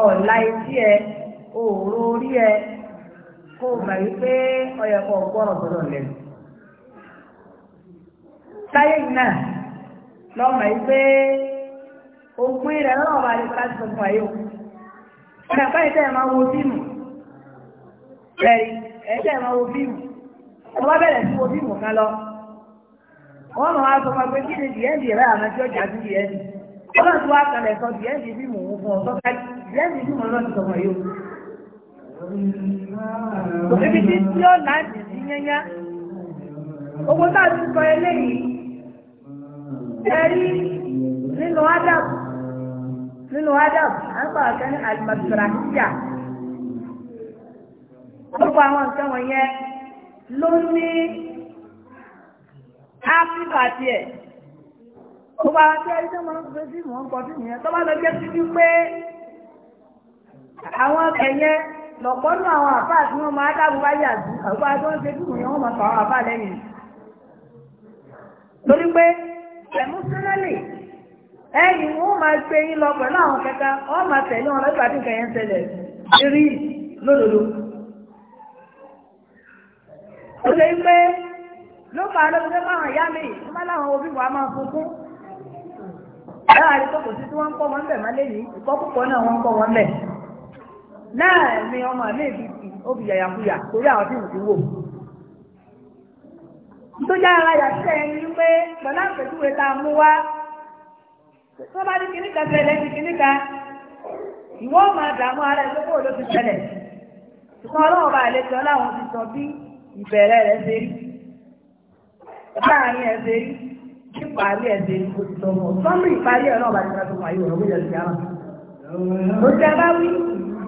ọ̀la etí ẹ òòrùn orí ẹ kó o gbà wípé ọ̀yẹ̀kọ̀ gbọ́rọ̀ gbọ́dọ̀ lẹ́nu. táyé yìí náà lọ́mọ yìí pé rẹ̀ lọ́wọ́ bá lè ká sọ fún ayé o. ọ̀nà pẹ́ ìtẹ́ ẹ̀ máa wo fíìmù ẹ̀rí ẹ̀tẹ́ máa wo fíìmù ẹ̀ wá bẹ̀rẹ̀ sí wo fíìmù kan lọ. wọ́n mọ̀ wá sọ fún pé kí ni dìẹ́ndì rẹ̀ àmọ́ tí ó jà sí dìẹ́ndì. ọlọ́run kalẹ̀ sọ dìẹ́ndì òun fún lẹ́yìn ìdúmọ̀ náà ti sọ̀rọ̀ yóò. Ibi tí tí ó láti sí yẹ́yá. Owó tá a ti sọ eléyìí. Ẹ̀rí nínú Adam. Nínú Adam, à ń pàrọ̀ kẹ́ ní Alimasirakiya. Gbogbo àwọn nǹkan wọ̀nyẹn ló ní Áfíríkà tiẹ̀. Gbogbo àwọn tí ẹni tó máa ń gbé sí ìwọ̀n pọ̀ sí ìyẹn tó bá lọ jẹ́ sí wípé àwọn kẹ̀yẹ lọ̀pọ̀ nù àwọn àfáà tí wọ́n máa dábò bá yà jù àwọn àti wọ́n ṣe dùn yẹn wọ́n máa fà àfáà lẹ́yìn. lórí pé ẹ̀mú sẹ́lẹ̀lì ẹ̀yìn wọn máa gbé yín lọ pẹ̀lú àwọn kẹta wọ́n máa tẹ̀lé wọn lọ́gbà tí nǹkan yẹn ṣẹlẹ̀ rí lódodo. ó ṣe pé ló fà á lọ́dún sẹ́pà àwọn ìyá mi wọ́n bá láwọn òbí wa máa funfun. ẹ̀rọ àdìsọ́kò tí wọ́n ń kọ́ wọn bẹ̀ náà ni ọmọ mi fi obì yàyàkuyà torí àwọn tí mo ti wò. tó yára yàtọ̀ ẹni pé pẹ̀lú àpèjúwe tá a mú wá tó bá ní kíní kan ṣẹlẹ̀ ní kíní kan ìwọ máa dààmú ara ẹ̀ lókòó ló ti ṣẹlẹ̀ ṣùgbọ́n ọlọ́run bá àlejò ọláwọn ti sọ bí ìbẹ̀rẹ̀ rẹ̀ ṣe rí láàrin ẹ̀ ṣe rí ìparí ẹ̀ ṣe rí kò ti sọ mọ́ ìparí ẹ̀ náà bá ti ká tó wáyé ọ̀rọ̀ bóyá ti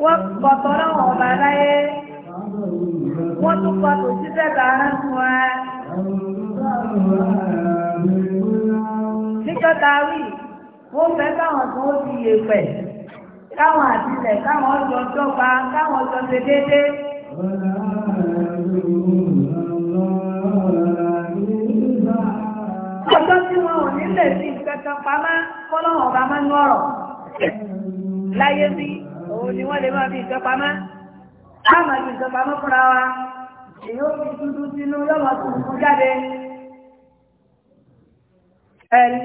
wọ́n kọ̀tọ̀ ọba láyé wọ́n tún kọ̀tọ̀ síṣẹ́ tààrà fún wa. níjọ́ wọ́n fẹ́ káwọn kan ó ti yè pẹ̀ káwọn àtìlẹ̀ káwọn ọjọ́ dọ́gba káwọn ọjọ́ ṣe déédéé. ọjọ́ tí wọn ò nílẹ̀ sí pamá máa ń láyé bí. òun ni wọ́n lè máa fi ìjọpamọ́ láàmà ju ìjọpamọ́ fúnra wa èyí ó fi dúdú sínú yọ̀mọ̀ tuntun jáde ẹ̀rí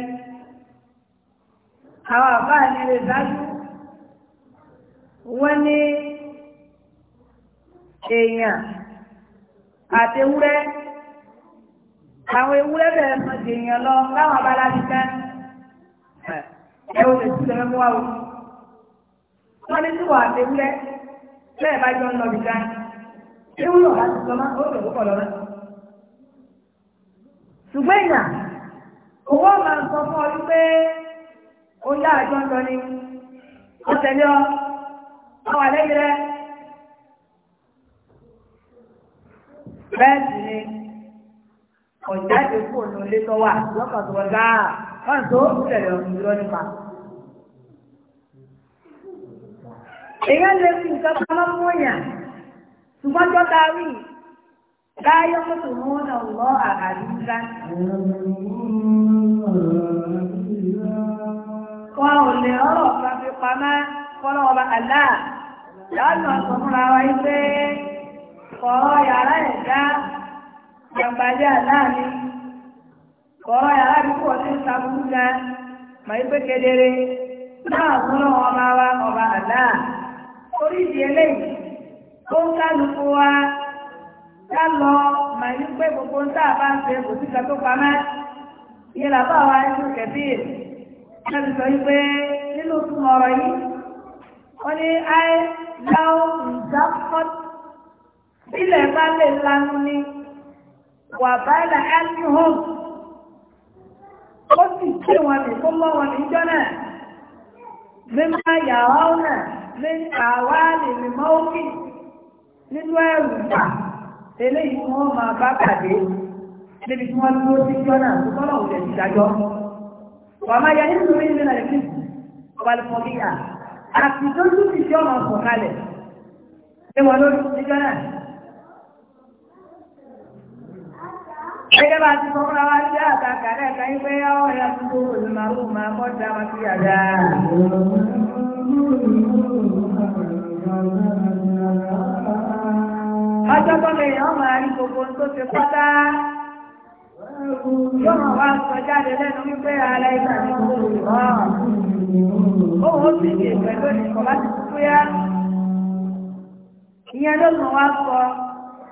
àwọn àbáà ní lè dájú wọ́n ní èèyàn àti ewúrẹ́ àwọn ewúrẹ́ bẹ̀rẹ̀ mọ̀ jèèyàn lọ láwọn abala ti tán ẹ ò lè tún lè mú wa o. wọ́n ní tíwọ̀ àti ewúrẹ́ lẹ́yìn bá jọ ń lọ bí ká ewúrọ̀ láti sọ máa ṣùgbọ́n owó máa ń sọ fún ọ wípé ó yá àjọ ń lọ ni tẹ̀lé ọ ọ ni ọ̀jáde èèyàn lè fi nǹkan pamọ́ fún èèyàn ṣùgbọ́n tó ta rí láyé mọ́tò mọ́nà lọ́ àdúrà. wọn ò lè ọ̀rọ̀ kan fi pamọ́ fọlọ́wọ́ bá àlá lọ́nà ọ̀sọ̀múra wa yí pé kọ̀ọ́ yàrá ẹ̀dá ìjàmbáyé àlá mi kọ̀ọ́ yàrá àdúgbò tí ń sàbúrú ga màá kedere náà fọlọ́wọ́ ọba wa orí ìdí eléyìí ó ń kálukú wa ká lọ mà ní pé gbogbo ń tà bá ń ṣe kò sí kan tó pamẹ́ ìyẹn làbá wa ń ṣe kẹ̀bí láti sọ wípé nínú túmọ̀ ọ̀rọ̀ yìí wọ́n ní áì láwọ́ ìdáfọ́ sílẹ̀ bá lè lanu ni wà báyìí láì á ní hàn ó sì kí wọn ní kó mọ́ wọn níjọ́ náà mímọ́ yàrá ọ̀nà ní àwa lè mímọ́ òkè nínú ẹ̀rù gbà eléyìí tí wọ́n máa bá pàdé níbi tí wọ́n dúró sí jọ́nà tó tọ́lọ̀ òjò ìdájọ́. wàmá yẹ nínú orí ìlú náà lẹ́sìn ọbalẹ̀ fọ́gíyà àti tó tún ti jọ́nà sọ̀kalẹ̀. ṣé wọn lórí sí jọ́nà? Gẹ́gẹ́ bá ti sọ́kúnra wá sí àtàkà rẹ̀ kan yí pé ọwọ́ ya tún tó òun máa wù máa kọ́ da wọn sí àdá. Ọjọ́ tọ́lá èèyàn máa rí gbogbo tó ti pátá. Yóò wá sọ jáde lẹ́nu wípé ara ìgbà ní òun náà. Òun ó sì ṣe pẹ̀lú ìkọ̀ láti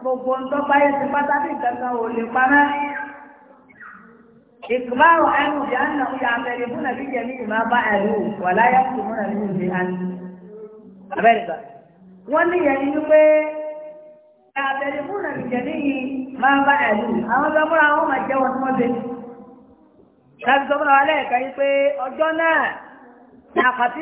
gbogbo ńtọ́ báyé ti pátá bí kankan ò lè pamẹ́. ìkùbárò ẹnu ìjà ń nà ìyá abẹ́rẹ́ fún nàbí jẹ̀mí ìmọ̀ bá ẹ̀rú wà láyé kù mọ́ nàbí ìdí àná. abẹ́rẹ́ gbà. wọ́n ní yẹn ni wípé abẹ́rẹ́ fún nàbí jẹ̀mí yìí máa bá ẹ̀rú àwọn ọmọ múra wọn máa jẹ́ wọn tí wọ́n ṣe. láti sọ fún wa lẹ́ẹ̀kan yìí pé ọjọ́ náà àkàtì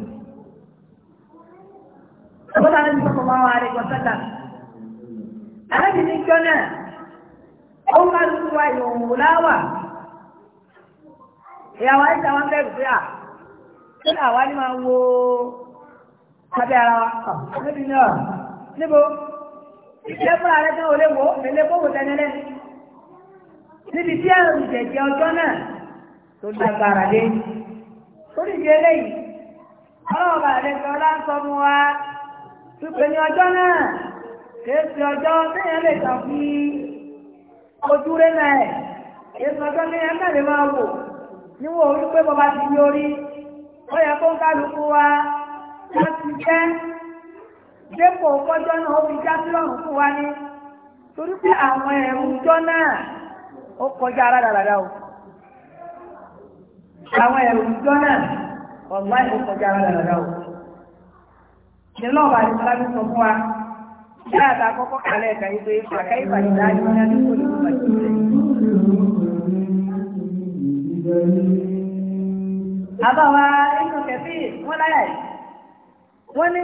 Ọ̀pọ̀lọpọ̀ àwọn ìṣọ̀kọ̀ máa wà rẹ̀ gbọ́sẹ̀dà. Àrẹ́bì ní jọ náà, ó ń bá lùkú wa ìhòòhò láwà. Ìyàwó àìsà wọn bẹ̀rù pé à, ṣé àwa ni máa wo abẹ́ ara wa? Níbi náà, níbo? Ìṣẹ́ fúnra rẹ̀ tán ò lè wò ó, èlé kó wò tẹ́lẹ̀ níbi tí ẹ̀rù ìjẹ̀jẹ̀ ọjọ́ náà tó lágbára dé. Oríṣi eléyìí, ọlọ́ọ̀bà rẹ̀ sọ láǹsọ̀ mú wa pípẹ́ ní ọjọ́ náà kéèsì ọjọ́ téèyàn lè kà fi ojú rẹ̀ náà ẹ̀ kéèsì ọjọ́ téèyàn náà lè máa wò níwọ̀n orí pé bọba ti ní orí ó yẹ kó ń kálukú wa láti jẹ́ dépò kọjọ́ náà ó fi já sí ọ̀run fún wa ní torí pé àwọn ẹ̀rù ọjọ́ náà ó kọjá ara dáradára o àwọn ẹ̀rù ọjọ́ náà ọ̀gbá ìkọjá ara dáradára o ìdílé ọba ìsọlá sọ fún wa ìyá àkọ́kọ́ kàlẹ́ ẹ̀ka ìgbé àká ìfà ìdá ìmọ̀lá ní kò ní kò bàjẹ́ àbáwá inú kẹfí wọn láyà yìí wọn ní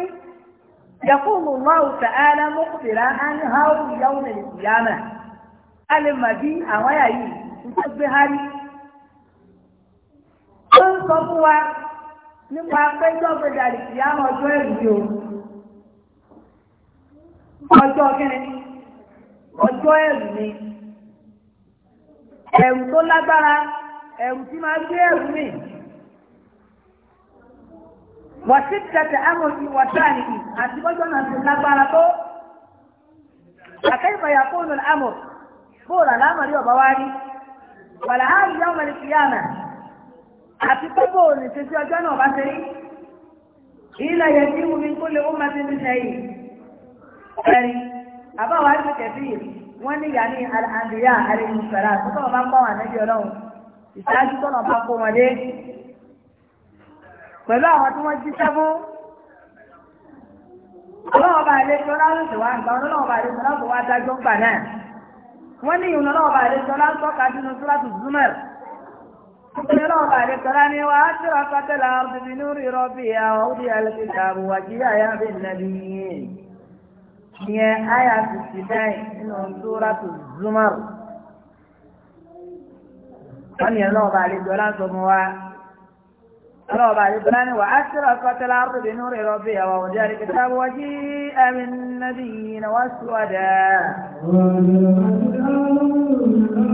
يقول الله nípa péjọ́ gbèdà ìdí àwọn ọjọ́ èdè o ọjọ́ kíni ọjọ́ ẹ̀rù ni ẹ̀rù tó lágbára ẹ̀rù tí máa gbé ẹ̀rù mi wọ́sí tẹ̀tẹ̀ amòsí wọ́sá nìyí àti bọ́jọ́ náà ti lágbára tó àkẹ́yìnbó yà fóònù àmọ̀ fóònù àlámọ̀rí ọ̀bá wá rí wàlàhálì yàwó mẹ́lẹ̀ àti pẹ́pọ̀ òrìṣẹ́ sí ọjọ́ náà bá ṣe rí ilẹ̀ yẹn tí kó lè wọ́n máa ti ní sẹ́yìn ẹ̀rí àbáwá ti kẹ̀bí wọ́n ní ìyá ní àdìyá àríwú sọ̀rọ̀ àti tọ́lọ̀ bá wọn níbi ọlọ́run ìṣáájú tọ́lọ̀ bá kó wọn dé pẹ̀lú àwọn tí wọ́n jí sẹ́fún ti nǹkan ọlọ́wọ́ bá ilé tí ọlọ́run dájọ́ gbà náà wọ́n ní ìhùn Ìpínlẹ̀ àdékọ́lá ni wà á ṣíra kọ́tẹ́lá ọ̀dùnmí lórí rọ́bì àwọn òdì alẹ́kìtàbù wà kí àyà bí nàbí yìí. Ìyẹn àyà fìfì bẹ́ẹ̀ nínú sóra tó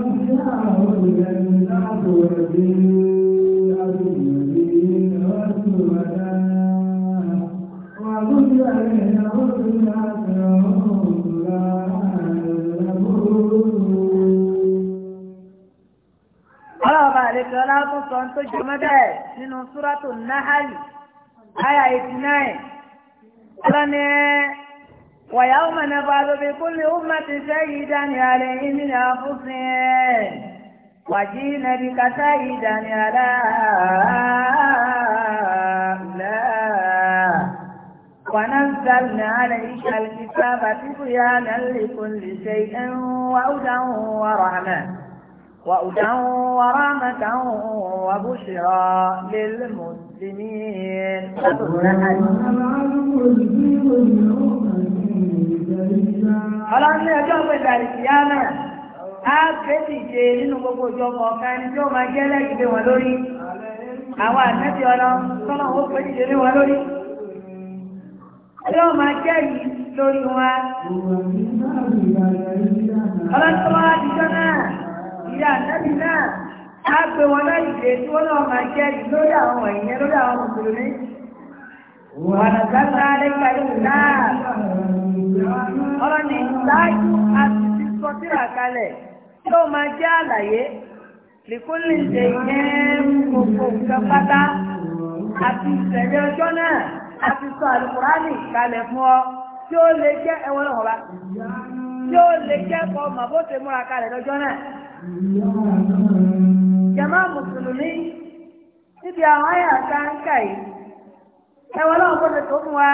na tó jọmọ́ bẹ́ẹ̀ nínú súrátù náhàlì àyà 89 ọlọ́ni ويوم نبعث بكل أمة سيدا عليه من أنفسهم وجينا بك سيدا على هؤلاء ونزلنا عليك الكتاب بيانا لكل شيء وهدى ورحمة وهدى ورحمة وبشرى للمسلمين. ọlọ́run ní ọjọ́ ìgbẹ̀dà ìsìyá náà á kéjìje nínú gbogbo ìjọ kọ̀ọ̀kan ẹni tí ó máa jẹ́ lẹ́gbẹ̀ẹ́ wọn lórí àwọn àtẹ́tì ọlọ́run tọ́lọ́ ó kéjìje lé wọn lórí ọlọ́run máa jẹ́ yìí lórí wa ọlọ́run tó wá àdìjọ náà ìyá àtẹ́tì náà á gbé wọn láì dé tí wọ́n náà máa jẹ́ yìí lórí àwọn ọ̀rọ̀ ni ṣáájú àti ti sọ síra kalẹ̀ tó máa jẹ́ àlàyé lìkúlì ṣe yẹ gbogbo nǹkan pátá àti ìṣẹ̀lẹ̀ ọjọ́ náà àti sọ àlùkùránì kalẹ̀ fún ọ tí ó lè jẹ́ ẹwọ́n náà wá tí ó lè kẹ́kọ̀ọ́ mà bó ṣe múra kalẹ̀ lọ́jọ́ náà. Jàmá Mùsùlùmí níbi àwọn àyà ká ń kà yìí ẹwọ́n náà bó ṣe tó fún wa.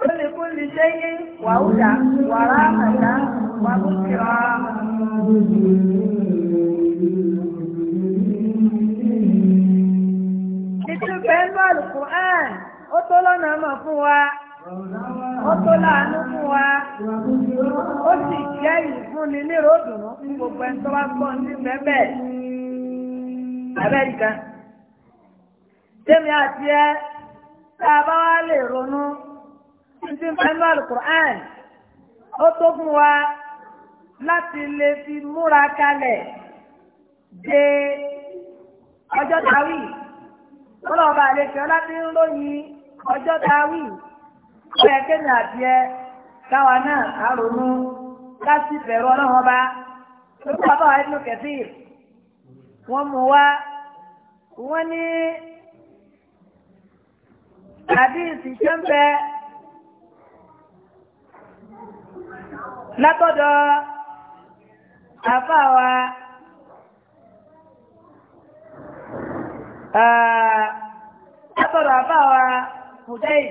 ولكل شيء وهدى ورحمة وبشرى ìtúfẹ́ ń bọ̀ lùkùnán ó tó lọ́nà wa ó tó láàánú fún wa ó sì fún gbogbo ẹni tó bá gbọ́ ní mẹ́bẹ̀ abẹ́ríkà àti tá a bá wá lè ronú ti ń fẹnu alukur'an ó tó fún wa láti lè fi múra kalẹ̀ de ọjọ́ tawí ọlọ́ọ̀bà àlejò láti ń lóyin ọjọ́ tawí ó yẹ kéèyàn àti ẹ káwa náà á ronú ká sì bẹ̀rù ọlọ́run ọba lórí bàbá wa nínú kẹ̀sí wọ́n mú wa wọ́n ní àdéhùn ti ṣe ń bẹ́ẹ̀. látọ̀dọ̀ àfáwa látọ̀dọ̀ àfáwa fùdẹ́yì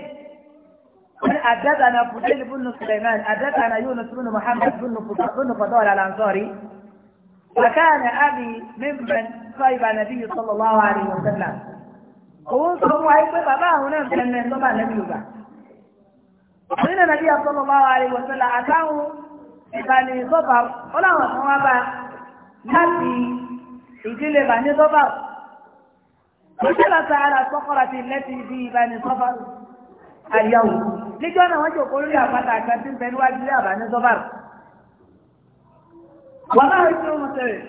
حدثنا فضيل بن سليمان حدثنا يونس بن محمد بن فضال الانصاري وكان ابي ممن صيب النبي صلى الله عليه وسلم òun sọ fún wa yìí pé bàbá àwọn náà fẹ́ mẹ́ sọ́bà lẹ́bí yorùbá. nínú nàbí àtọ́lọ́wọ́ àríwọ̀sọ́lá àtàwọn ìbànú ìsọ́fà ó láwọn kan wá bá láti ìdílé bàní sọ́fà ìṣẹ́ lọ́sà ara sọ́kọ́ra ti lẹ́tì bí ìbàní sọ́fà àyàwó níjọ́ náà wọ́n jòkó lórí àpáta kan tí ń bẹ níwájú ilé àbàní sọ́fà wọ́n bá rí tí ó mú sẹ́rẹ̀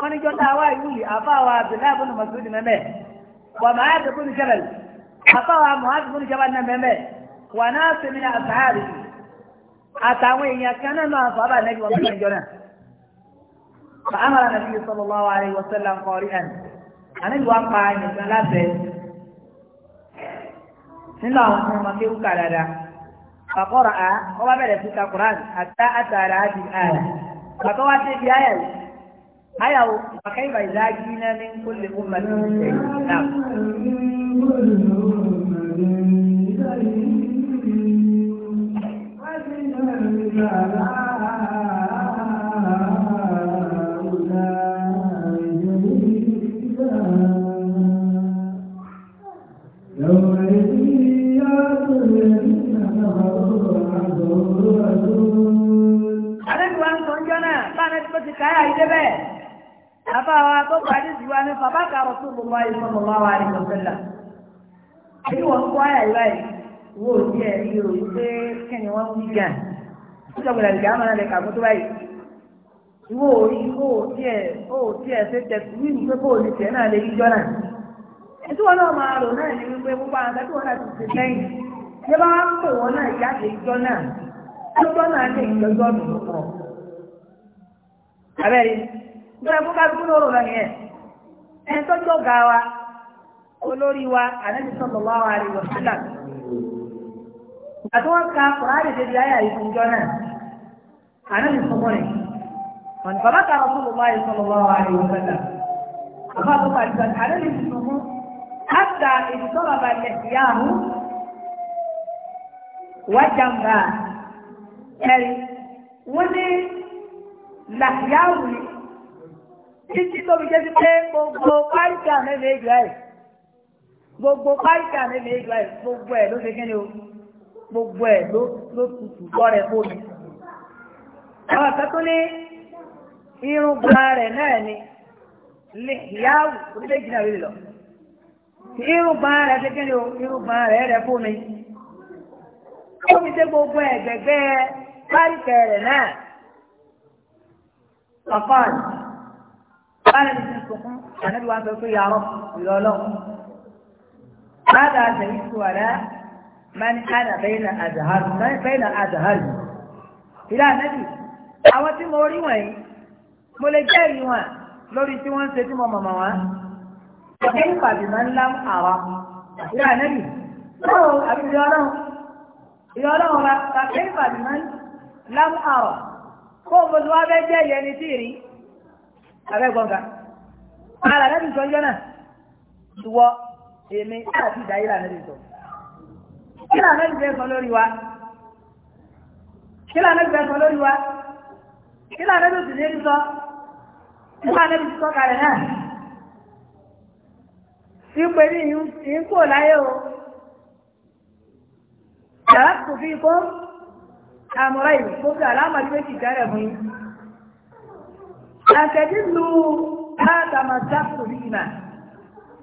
wọ́n níjọ́ tá a wá ìlú yìí àfáwà abdullahi bùnú masudi mẹ́mẹ́ wà máa yà dẹ́kun jẹ́bẹ̀l àfáwà muhammed bùnú jẹ́bẹ̀l náà àtàwọn èèyàn kan náà náà sọ́ọ́bà nẹ́bí wọn bẹ́ẹ̀ jọ náà. fàámàrà nàbí sallallahu alaihi wasallam kọrí àn ànábì wa pa nìkan lábẹ́ nínú àwọn ọmọ ọmọ kéwù kà dáadáa fàkọ́rọ̀ à wọ́n bá sí ka Qur'an àtàrà àti àyà bàtọ́ wá sí ibi àyà yìí àyà wo Ìwọ̀n kọ́ àyà ìwáyìí, wo ò díẹ̀ ní orí pé kẹ́ni wọ́n ń ọjọ́ gbọ́dọ̀ àdìgá máa lẹ̀ kà mọ́tò báyìí ìwọ orí ó tiẹ̀ ó tiẹ̀ ṣe tẹ̀ ní ìlú pé kó lè tẹ̀ náà lè yíjọ́ náà ètò wọn náà máa rò náà ní wípé púpọ̀ náà ti ṣe sẹ́yìn ṣé bá ń wọn náà ìyá lè yíjọ́ náà lọ́jọ́ náà lè yíjọ́ lọ́pọ̀ abẹ́rẹ́ tó rò lọ́yẹ̀ ẹ̀ àtúwọ́n ka kùránì débi ayà ìfúnjọ náà ànábì sọmọ rẹ̀ wọn bàbá ka rasulullah sallallahu alaihi wa sallam àbá tó bá ìgbà ànábì sọmọ hàtà ìdúsọ́rọ̀ àbàlẹ̀ ìyáàmú wájàmbá ẹ̀rí wọ́n ní làyáwù títí tó fi jẹ́ sí pé gbogbo pálíkà mẹ́lẹ̀ ìgbà ẹ̀ gbogbo pálíkà mẹ́lẹ̀ ìgbà ẹ̀ gbogbo ẹ̀ ló ṣe kí ni o gbogbo ẹ̀ ló tutù lọ́rẹ̀ bóyí. Àwọn kan tó ní irun gba rẹ̀ náà ni ìyáwó orílẹ̀ èdè náà lọ. Irun gba rẹ̀ ṣe kéde o, irun gba rẹ̀ rẹ̀ fún mi. Ó fi dé gbogbo ẹ̀gbẹ̀gbẹ́ páríkẹ̀ rẹ̀ náà. Ọ̀fọ́n, báyìí ni ti sùn fún ànábìwá sọ pé yàrá ìlọ́lọ́. Bá a dà sẹ́yìn sùn wà dáa. من ana بين àdàhàrù bẹ́ẹ̀nà àdàhàrù ìlà ànábì àwọn tí mo rí wọ̀nyí mo lè jẹ́rìí wọn lórí tí wọ́n ń ṣe tí mo mọ̀mọ́ wọn ọ̀gbẹ́ ìpàdé máa ń lá àwa ìlà ànábì báwo àbí ìlú ọlọ́run ìlú ọlọ́run wa ọ̀gbẹ́ ìpàdé máa ń lá àwa kó o bọ̀dọ̀ wá bẹ́ẹ̀ jẹ́ ìyẹn ní tí rí abẹ́ gbọ̀ngà ara ànábì sọ yọ́nà ìwọ èmi àti ìdáyé là ànábì sọ kí lànà ìgbẹ́ sọ lórí wa kí lànà ìgbẹ́ sọ lórí wa kí lànà ìgbẹ́ sọ lórí wa kí lànà sọ kalẹ̀ náà ìpè ní ìkó láyé o yàrá kò fi kó àmọ́ra ìlú kó fi àlámàdé méjì jẹ́rẹ̀ fún yín àtẹ̀dínlù látàmà sáfù rí ìmà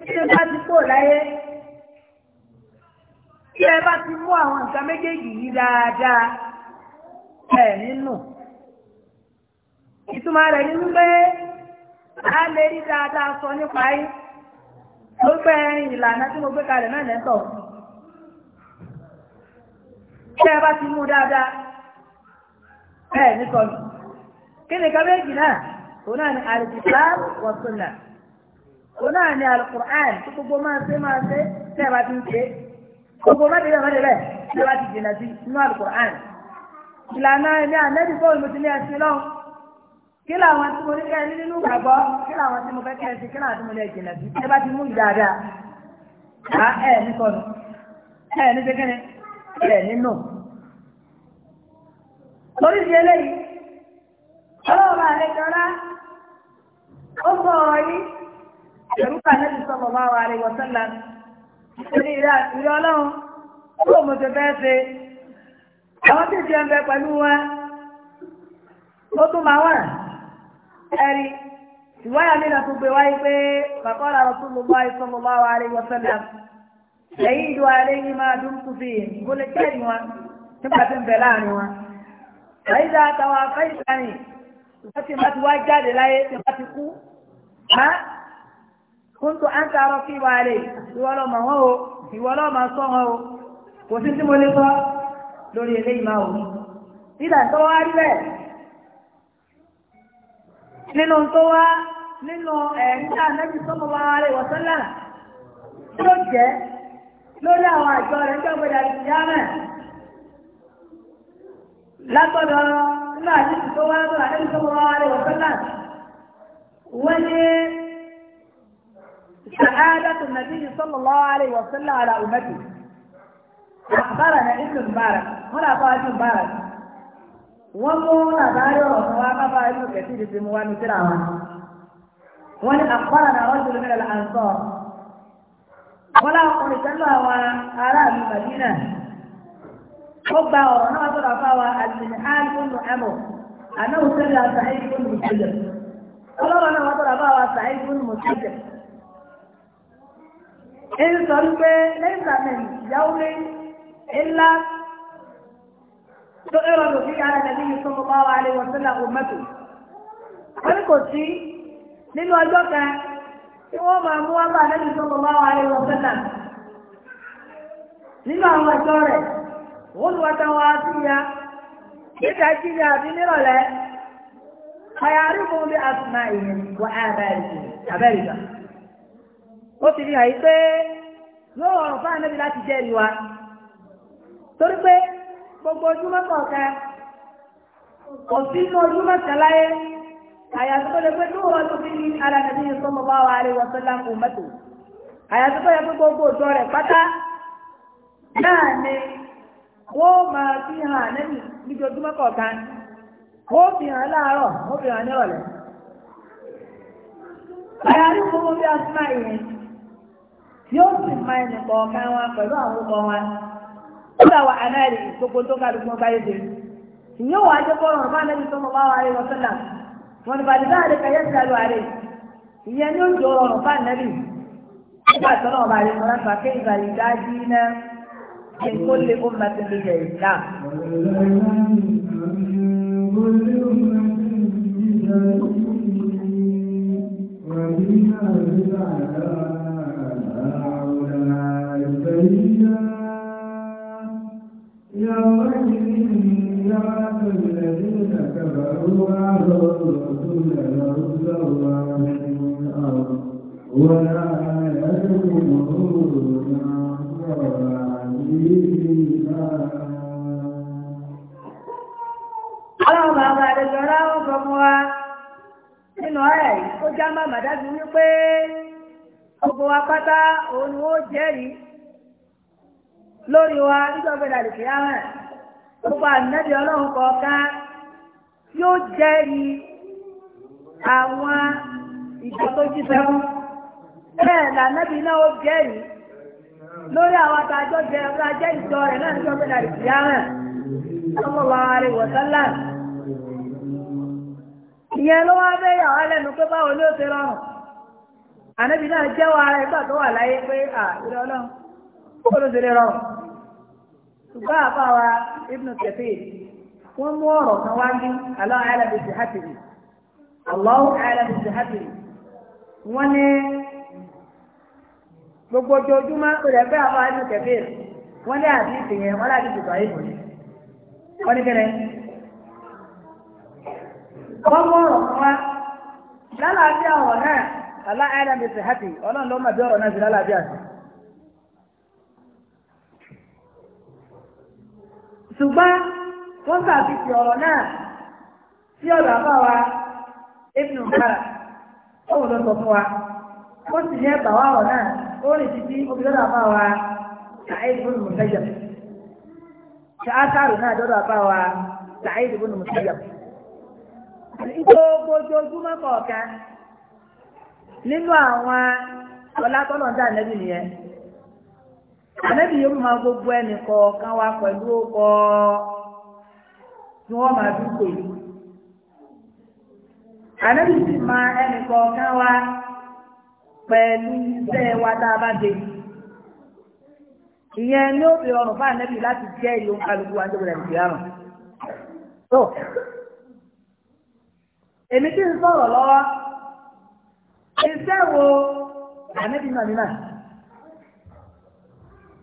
tí ó bá ti kó láyé tí ẹ bá ti mú àwọn nǹkan méjèèjì yìí dáadáa ẹ nínú ìtumọ̀ rẹ̀ ní wípé a lè rí dáadáa sọ nípa yín ló pẹ́ ẹrin ìlànà tí mo gbé kalẹ̀ náà lẹ́tọ̀ tí ẹ bá ti mú dáadáa ẹ ní sọnù kí ni kan náà òun náà ni al-Islam òun náà ni al-Qur'an gbogbo máa ṣe máa ṣe tí ẹ bá ti ń ṣe gbogbo má délẹ̀ má délẹ̀ ṣé wàá ti dènà sí inú alukur'an ìlànà ẹ̀mí ànẹ́bí fún olùmọ̀tí ní ẹ̀sìn lọ́wọ́ kí làwọn tí mo ní kẹ́ ní nínú gbàgbọ́ kí làwọn tí mo fẹ́ kẹ́ sí kí làwọn tí mo ní ẹ̀jìnà sí ṣé bá ti mú ìdáadáa á ẹ̀ ní sọnù ẹ̀ ní sẹ́kẹ́ni ẹ̀ nínú. torí ti eléyìí ọlọ́run àlejò ọlá ó sọ ọ̀rọ̀ yìí ẹ̀rú kan náà ti sọ nítorí ìrẹ́ àtúrẹ́ ọlọ́run tó mo ti fẹ́ ṣe àwọn tí ìṣe ń bẹ pẹ̀lú wọn ó tún máa wà ẹ̀rí ìwáyà mi náà tún gbé wáyé pé bàbá ọ̀la rọ̀ tún lò bá ìsọ́ mo bá wà á rí wọ́n sẹ́lẹ̀ yìí máa dún kú sí ìbò lè wọn nígbà tí ń bẹ láàrin wọn. àyíká àtàwọn afẹ́ ìsànì wọ́n má ti wá jáde láyé tí wọ́n ti kú kúntù á ń taarọ fi wà lè ìwọ lọ mà wọn o ìwọ lọ mà sọ wọn o kò sí tí mo lè sọ lórí eléyìí máa wò mí nígbà tó wá rí bẹ́ẹ̀ nínú tó wá nínú ẹ̀ẹ́dí ànábì sọ́mọ wa wà lè wọ̀ sọ́lá tó jẹ́ lórí àwọn àjọ rẹ̀ tó gbọdọ̀ ìyá mẹ́ lágbọ́dọ̀ nínú àdìsí tó wá lórí ànábì sọ́mọ wa wà lè wọ̀ sọ́lá wọ́n ní. سعادة النبي صلى الله عليه وسلم على أمته أخبرنا ابن المبارك هنا قال ابن المبارك ومونا داير وقف ابن كثير في موان تراوان وأن أخبرنا رجل من الأنصار ولا قلت له وأرى المدينة حب ورنا ضرفا المنحال كل أمر أنه سمع سعيد بن مسجد ولرنا وضرفا سعيد بن مسجد ń sọ wípé lẹ́sàmẹ̀n yáwé ńlá tó ẹ̀rọ lòdì ara nàbí yìí sọ́kọ́ bá wà lẹ́wọ̀n sílẹ̀ òmẹ́tò. wọ́n ní kò sí nínú ọjọ́ kan tí wọ́n máa mú wá bá nàbí nínú àwọn ẹjọ́ rẹ̀ wọ́n lu ọjà wa sí ya nígbà tí ìyá àbí nírọ̀lẹ́ ayárí fún bí asùnmáyé wọ abẹ́rẹ́ abẹ́rẹ́ ó ti fi hàn yí pé yóò rọrùn fún ànábì láti jẹ́rìí wa torí pé gbogbo ojúmọ́ kọ̀ọ̀kan kò sí inú ojúmọ́ kan láyé àyàtọ̀ tó lè pé ní òun ọdún bíi ara nàbí yìí sọmọ bá wa rí wọn sọlá kò mẹ́tò àyàtọ̀ tó yẹ pé gbogbo òjò rẹ̀ pátá náà ni wọ́n máa fi hàn ànábì níbi ojúmọ́ kọ̀ọ̀kan wọ́n fi hàn láàárọ̀ wọ́n fi hàn nírọ̀lẹ́ àyàtọ̀ tó wọ́n bí asúmá ìyẹn yóò sì máa ẹnì kọ̀ọ̀kan wa pẹ̀lú àwọn ọkọ̀ wa ó dà wà ànáàrí gbogbo tó ká dùgbọ́n báyé dé ìyẹn wà á jẹ́ kọ́ ọ̀rọ̀ máa lẹ́yìn sọ́mọ́ báwa rẹ̀ wọ́sọ́là wọn ni bàdìbá rẹ̀ kẹ́yẹ́ sí àlọ́ rẹ̀ ìyẹn ni ó jọ ọ̀rọ̀ fáà nẹ́bì nígbà tó náà bá rẹ̀ mọ́ra fà kéyìn bá dájú iná kí kó lè ọmọ tó lè yẹ ìdá. سبيلا يومئذ يرى الذين كفروا عذاب الرسول يردوا من الارض ولا يكونون Ọlọ́run bàbá àdẹ̀jọ́lá ó sọ fún wa nínú ọ̀rẹ́ yìí, ó já má màdájú wípé gbogbo wa pátá òun ni ó jẹ́rìí lórí wa nígbà gbẹdà lè fi hàn gbogbo ànábì ọlọ́run kọ̀ọ̀kan yóò jẹ́rìí àwọn ìjọ tó jíṣẹ́ fún bẹ́ẹ̀ lànábì náà ó lórí àwọn àtàjọ ọ̀rọ̀ ajẹ́ ìjọ rẹ̀ náà nígbà gbẹdà lè fi ìyẹn ló wá bẹ́ yà wá lẹ́nu pé báwo ló ṣe rọrùn náà jẹ́wọ́ ara tó wà láyé pé kó ṣe lè rọrùn ṣùgbọ́n àbá wa ibn Kathir wọ́n mú ọ̀rọ̀ kan wá ní bi sihhatihi Allahu a'lam bi sihhatihi wọ́n ní gbogbo ojoojúmọ́ pèrè pé àbá ibn Kathir wọ́n ní àbí ìsìnyẹn wọ́n láti wọ́n ní wọ́n mú ọ̀rọ̀ kan wá lálàáfíà ọ̀rọ̀ náà bi ọlọ́run ló bí ọ̀rọ̀ náà ṣùgbọ́n wọ́n ṣàfihàn ọ̀rọ̀ náà sí ọ̀dọ̀ àbá wa ibnu nkara ọ̀hún naa fún wa ó sì ní ẹ̀bà wa ọ̀rọ̀ náà ó rìn títí obìnrin àbá wa sàáìd bùnú mùsàyàm ṣáàṣàrù náà dọ́dọ̀ àbá wa sàáìd bùnú mùsàyàm. gbogbo ojoojúmọ́ kọ̀ọ̀kan nínú àwọn ọlá tọ́lọ̀ nìyẹn. ànábì yóò máa gbogbo ẹnì kọ̀ọ̀kan wa pẹ̀lú ọkọ̀ tí wọ́n máa dúpọ̀ yìí ànábì sì máa ẹnì kọ̀ọ̀kan wa pẹ̀lú iṣẹ́ wa tá a bá dé ìyẹn ní ó fi ọrùn fún ànábì láti jẹ́ ìlú kálukú wa tó bẹ̀rẹ̀ nìyá rùn èmi tí ń sọ̀rọ̀ lọ́wọ́ iṣẹ́ wo ànábì náà nínú àná.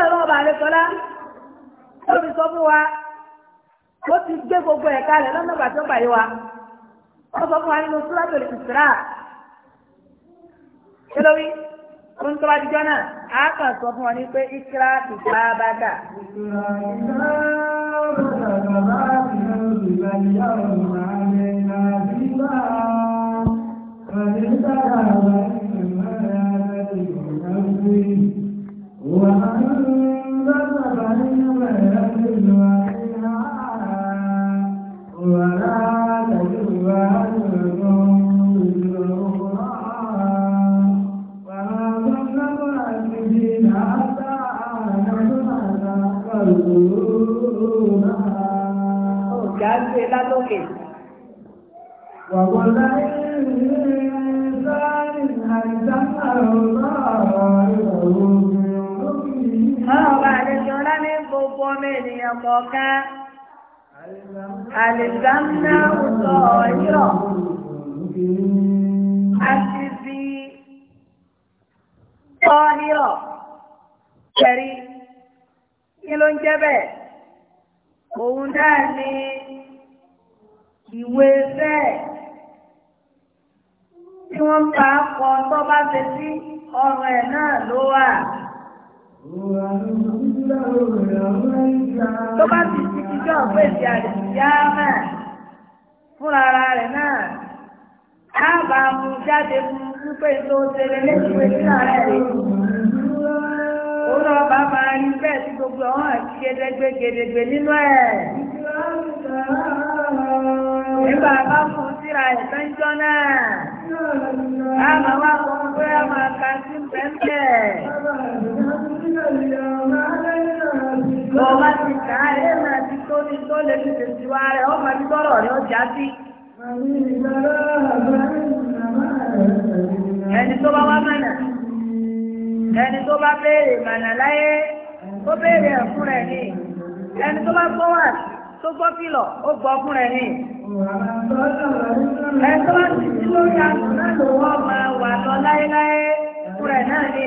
náà lọ́wọ́ bá ó fi sọ fún wa ó ti gbé gbogbo ẹ̀ kalẹ̀ lọ́nà bàtí ó bàyí wa ó sọ fún wa nínú súrátò lè tìsírà kí ló wí ó tọ́wá dijọ́ náà á kàn sọ fún wa ní pé ìkírá tìsírá bá dà. Thank you. Wàwọ̀n láyé صدقك ألزمناه طائره أسفي طاهرة شري kí ló ń jẹ́ bẹ́ẹ̀ òun náà ni ìwé bẹ́ẹ̀ tí wọ́n pa kọ tó bá ṣe sí ọrùn ẹ̀ náà ló wà tó bá ti ti jíjọ́ pé ti àdìyá mẹ́ fúnra ara rẹ̀ náà á bá mu jáde mu wípé tó tẹ̀lé léṣùwé nílà rẹ̀ rẹ̀ òun náà bá máa rí bẹ́ẹ̀ sí gbogbo ọ̀hún àti gẹdẹgbẹgẹdẹgbẹ nínú ẹ̀ nígbà bá fún síra ẹ̀ sẹ́ńjọ́ náà á máa wá sọ pé a máa ka sí pẹ́ńpẹ́. Bọ̀ọ̀bá ti kà á ẹ̀ máa ti tó ní tó lè fi tètè wá rẹ̀ ọ́ máa ti tọ́rọ̀ ní ọjà sí. Ẹni tó bá wá mọ̀nà, ẹni tó bá béèrè mọ̀nà láyé, ó béèrè ẹ̀fún rẹ̀ ni. Ẹni tó bá gbọ́ wà tó gbọ́ kìlọ̀, ó gbọ́ fún rẹ̀ ni. Ẹni tó bá ti tí lórí àtúntò náà ló wọ́n máa wà lọ láéláé, fún rẹ̀ náà ni.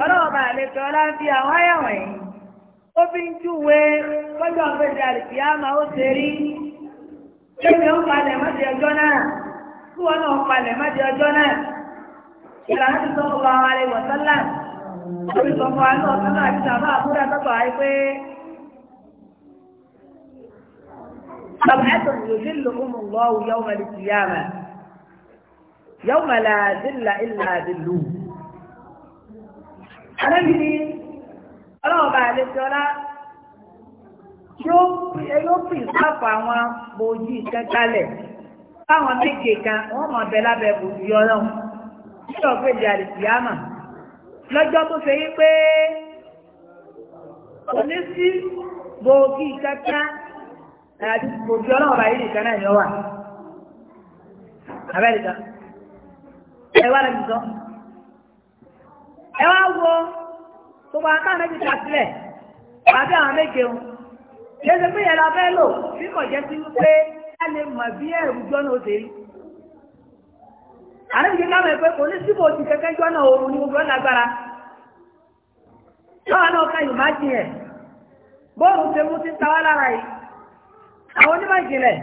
ọlọ́wọ́ bá lè tọ́ lá ń fi àwọn ayàwọ̀ yìí ó fi ń júwe kọjọ́ ọ̀gbẹ́dẹ àlùfí àmà ó ṣe rí lẹ́yìn ó palẹ̀ má di ọjọ́ náà kí wọ́n náà palẹ̀ má di ọjọ́ náà ìlànà ti sọ fún wa wàlẹ̀ wọ̀sánlá ó fi sọ fún wa náà sọ́nà àti sàmà àbúrò àtọ́kọ̀ àyè pé سبعة يذلهم الله يوم القيامة يوم لا ذل إلا ذلوه àlejò ni ọlọ́ọ̀bà àlejò tí ó fi ìsáàpù àwọn bòójì kẹkálẹ̀ fáwọn méje kan wọ́n mọ̀ bẹ lábẹ́ bòójì ọlọ́run nígbà ògbèjì àlìsíámà lọ́jọ́ tó ṣe yí pé kò ní sí bòójì kankan àti bòójì nìkan náà ẹ wá wo gbogbo aká méjì ta àbí àwọn méje wọn léṣe pé yẹn la fẹ́ lò bí kò jẹ́ sí a lè mọ̀ bí ẹ̀rù gbọ́nà ó rí àrùn yìí káwọn ẹgbẹ́ kò ní síbò ti kẹ́kẹ́ gbogbo náà ká yìí má jìn ẹ̀ ṣe mú ti ta wá lára yìí àwọn onímọ̀ ìjìnlẹ̀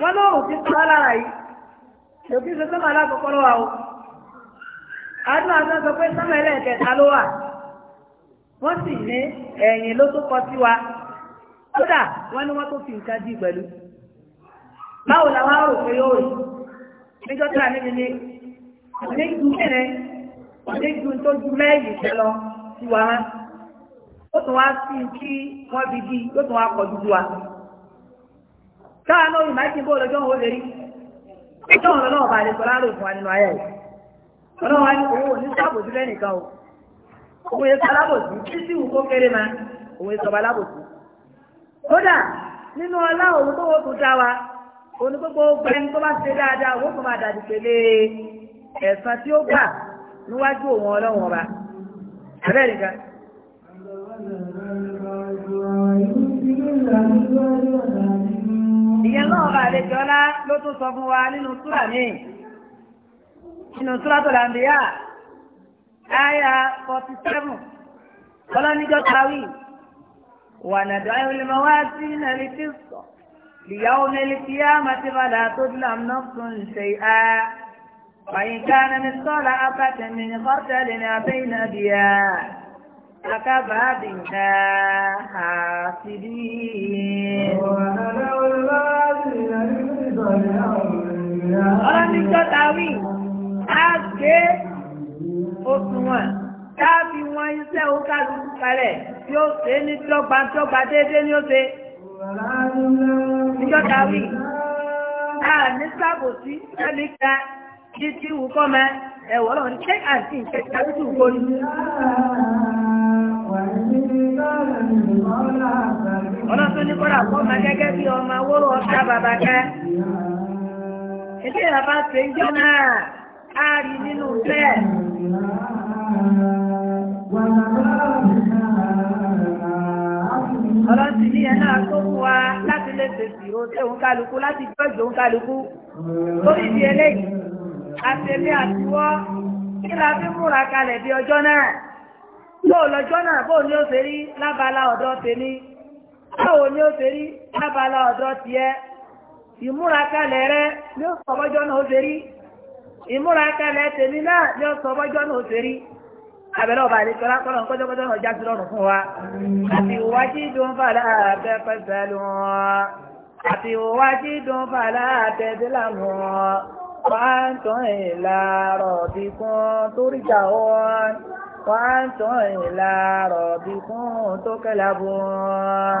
wọn ti ta wá lára yìí ṣe àánú àtọ́ sọ pé sọ́mọ ẹlẹ́ẹ̀kẹta ló wà wọ́n sì ní ẹ̀yìn ló tó kọ sí wa kódà wọ́n ní wọ́n tó fi nǹkan dì pẹ̀lú báwo làwọn àrò pé yóò rí níjọ́ tí a níbi ní onígun kẹ́rẹ́ onígun tó ju mẹ́yìn tẹ lọ sí wa rán ó tún wá sí kí wọ́n fi di ó tún wá kọ dúdú wa táwọn náà bó lọ́jọ́ òun ó lè rí ọjọ́ òun lọ́wọ́ bá lè sọ láàrò fún wa nínú ayé rẹ̀ ọlọ́wà ní owó ní sábòsí lẹ́nìkan o owó yẹn sọ alábòsí kí sí wù kó kéré ma owó yẹn sọ alábòsí. kódà nínú ọlá òun tó wọ́n tún dá wa òun gbogbo gbẹ́ni tó bá ṣe dáadáa owó tó máa dàdí pèlè ẹ̀sán tí ó gbà níwájú òun ọlọ́run ọba. àbẹ́ rẹ̀ ga. ìyẹn náà bá àlejò ọlá ló tún sọ fún wa nínú súrà míì nínú Suratul Anbiya àyà forty seven ọlọ́nìjọ́ kawí wànàdọ́ ìlúmọ̀ wá sí nàlẹ́ tí sọ ìyàwó mẹ́lẹ́ tí yá màtí padà tó dúró àmúná fún ṣe á. وإن كان مثقال حبة من خردل أتينا بها وكفى بنا حاسبين. ọlọ́nìjọ́ kawí. á gé òṣùwọ̀n tá a wọn iṣẹ́ òkàlùkù kalẹ̀ tí ó ṣe ní tọ́gba déédéé ni ó ṣe. wí a ní sábò sí ká tí wù kọ́ ní ṣé àti ìṣe tàbí tí wù kọ́ ni. ọlọ́tún ní kọ́ra kọ́ máa gẹ́gẹ́ bí a rí nínú bẹ́ẹ̀. ọlọ́sìn ní ẹ̀nà tó wa láti lè fèsì oúnjẹ òun kálukú láti gbọ́jọ òun kálukú lórí ìdí eléyìí àtẹ̀lé àtiwọ́ kí la fi múra kalẹ̀ bí ọjọ́ náà yóò lọ́jọ́ náà bóò ní ó ṣe rí lábala ọ̀dọ́ tèmi báwo ni ó ṣe rí lábala ọ̀dọ́ tiẹ̀ ìmúra kalẹ̀ rẹ ní ó ọjọ́ náà ó ṣe rí ìmúra kẹlẹ̀ tèmi náà ní ọ̀sán ọbọ̀jọ́ náà ṣe rí abẹ́rẹ́ ọba àlejò lápọ̀lọ́ kọ́jọ́kọ́jọ́ náà já sí lọ́rùn fún wa àti ìwájú ìdùn fàlà àbẹ́pẹ́sẹ̀ lù wọ́n àti ìwájú ìdùn fàlà àbẹ́sẹ̀ lù wọ́n wàǹtọ̀ ìlàrọ̀ bí kún torí jà wọ́n wàǹtọ̀ ìlàrọ̀ bí kún tó kẹlẹ́ bù wọ́n.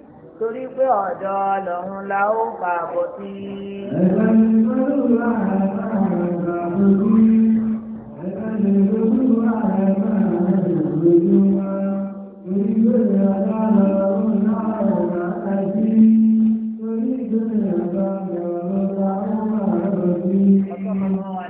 torí pé ọ̀dọ̀ lọ́run la ó pa àbọ̀ sí. Thank you.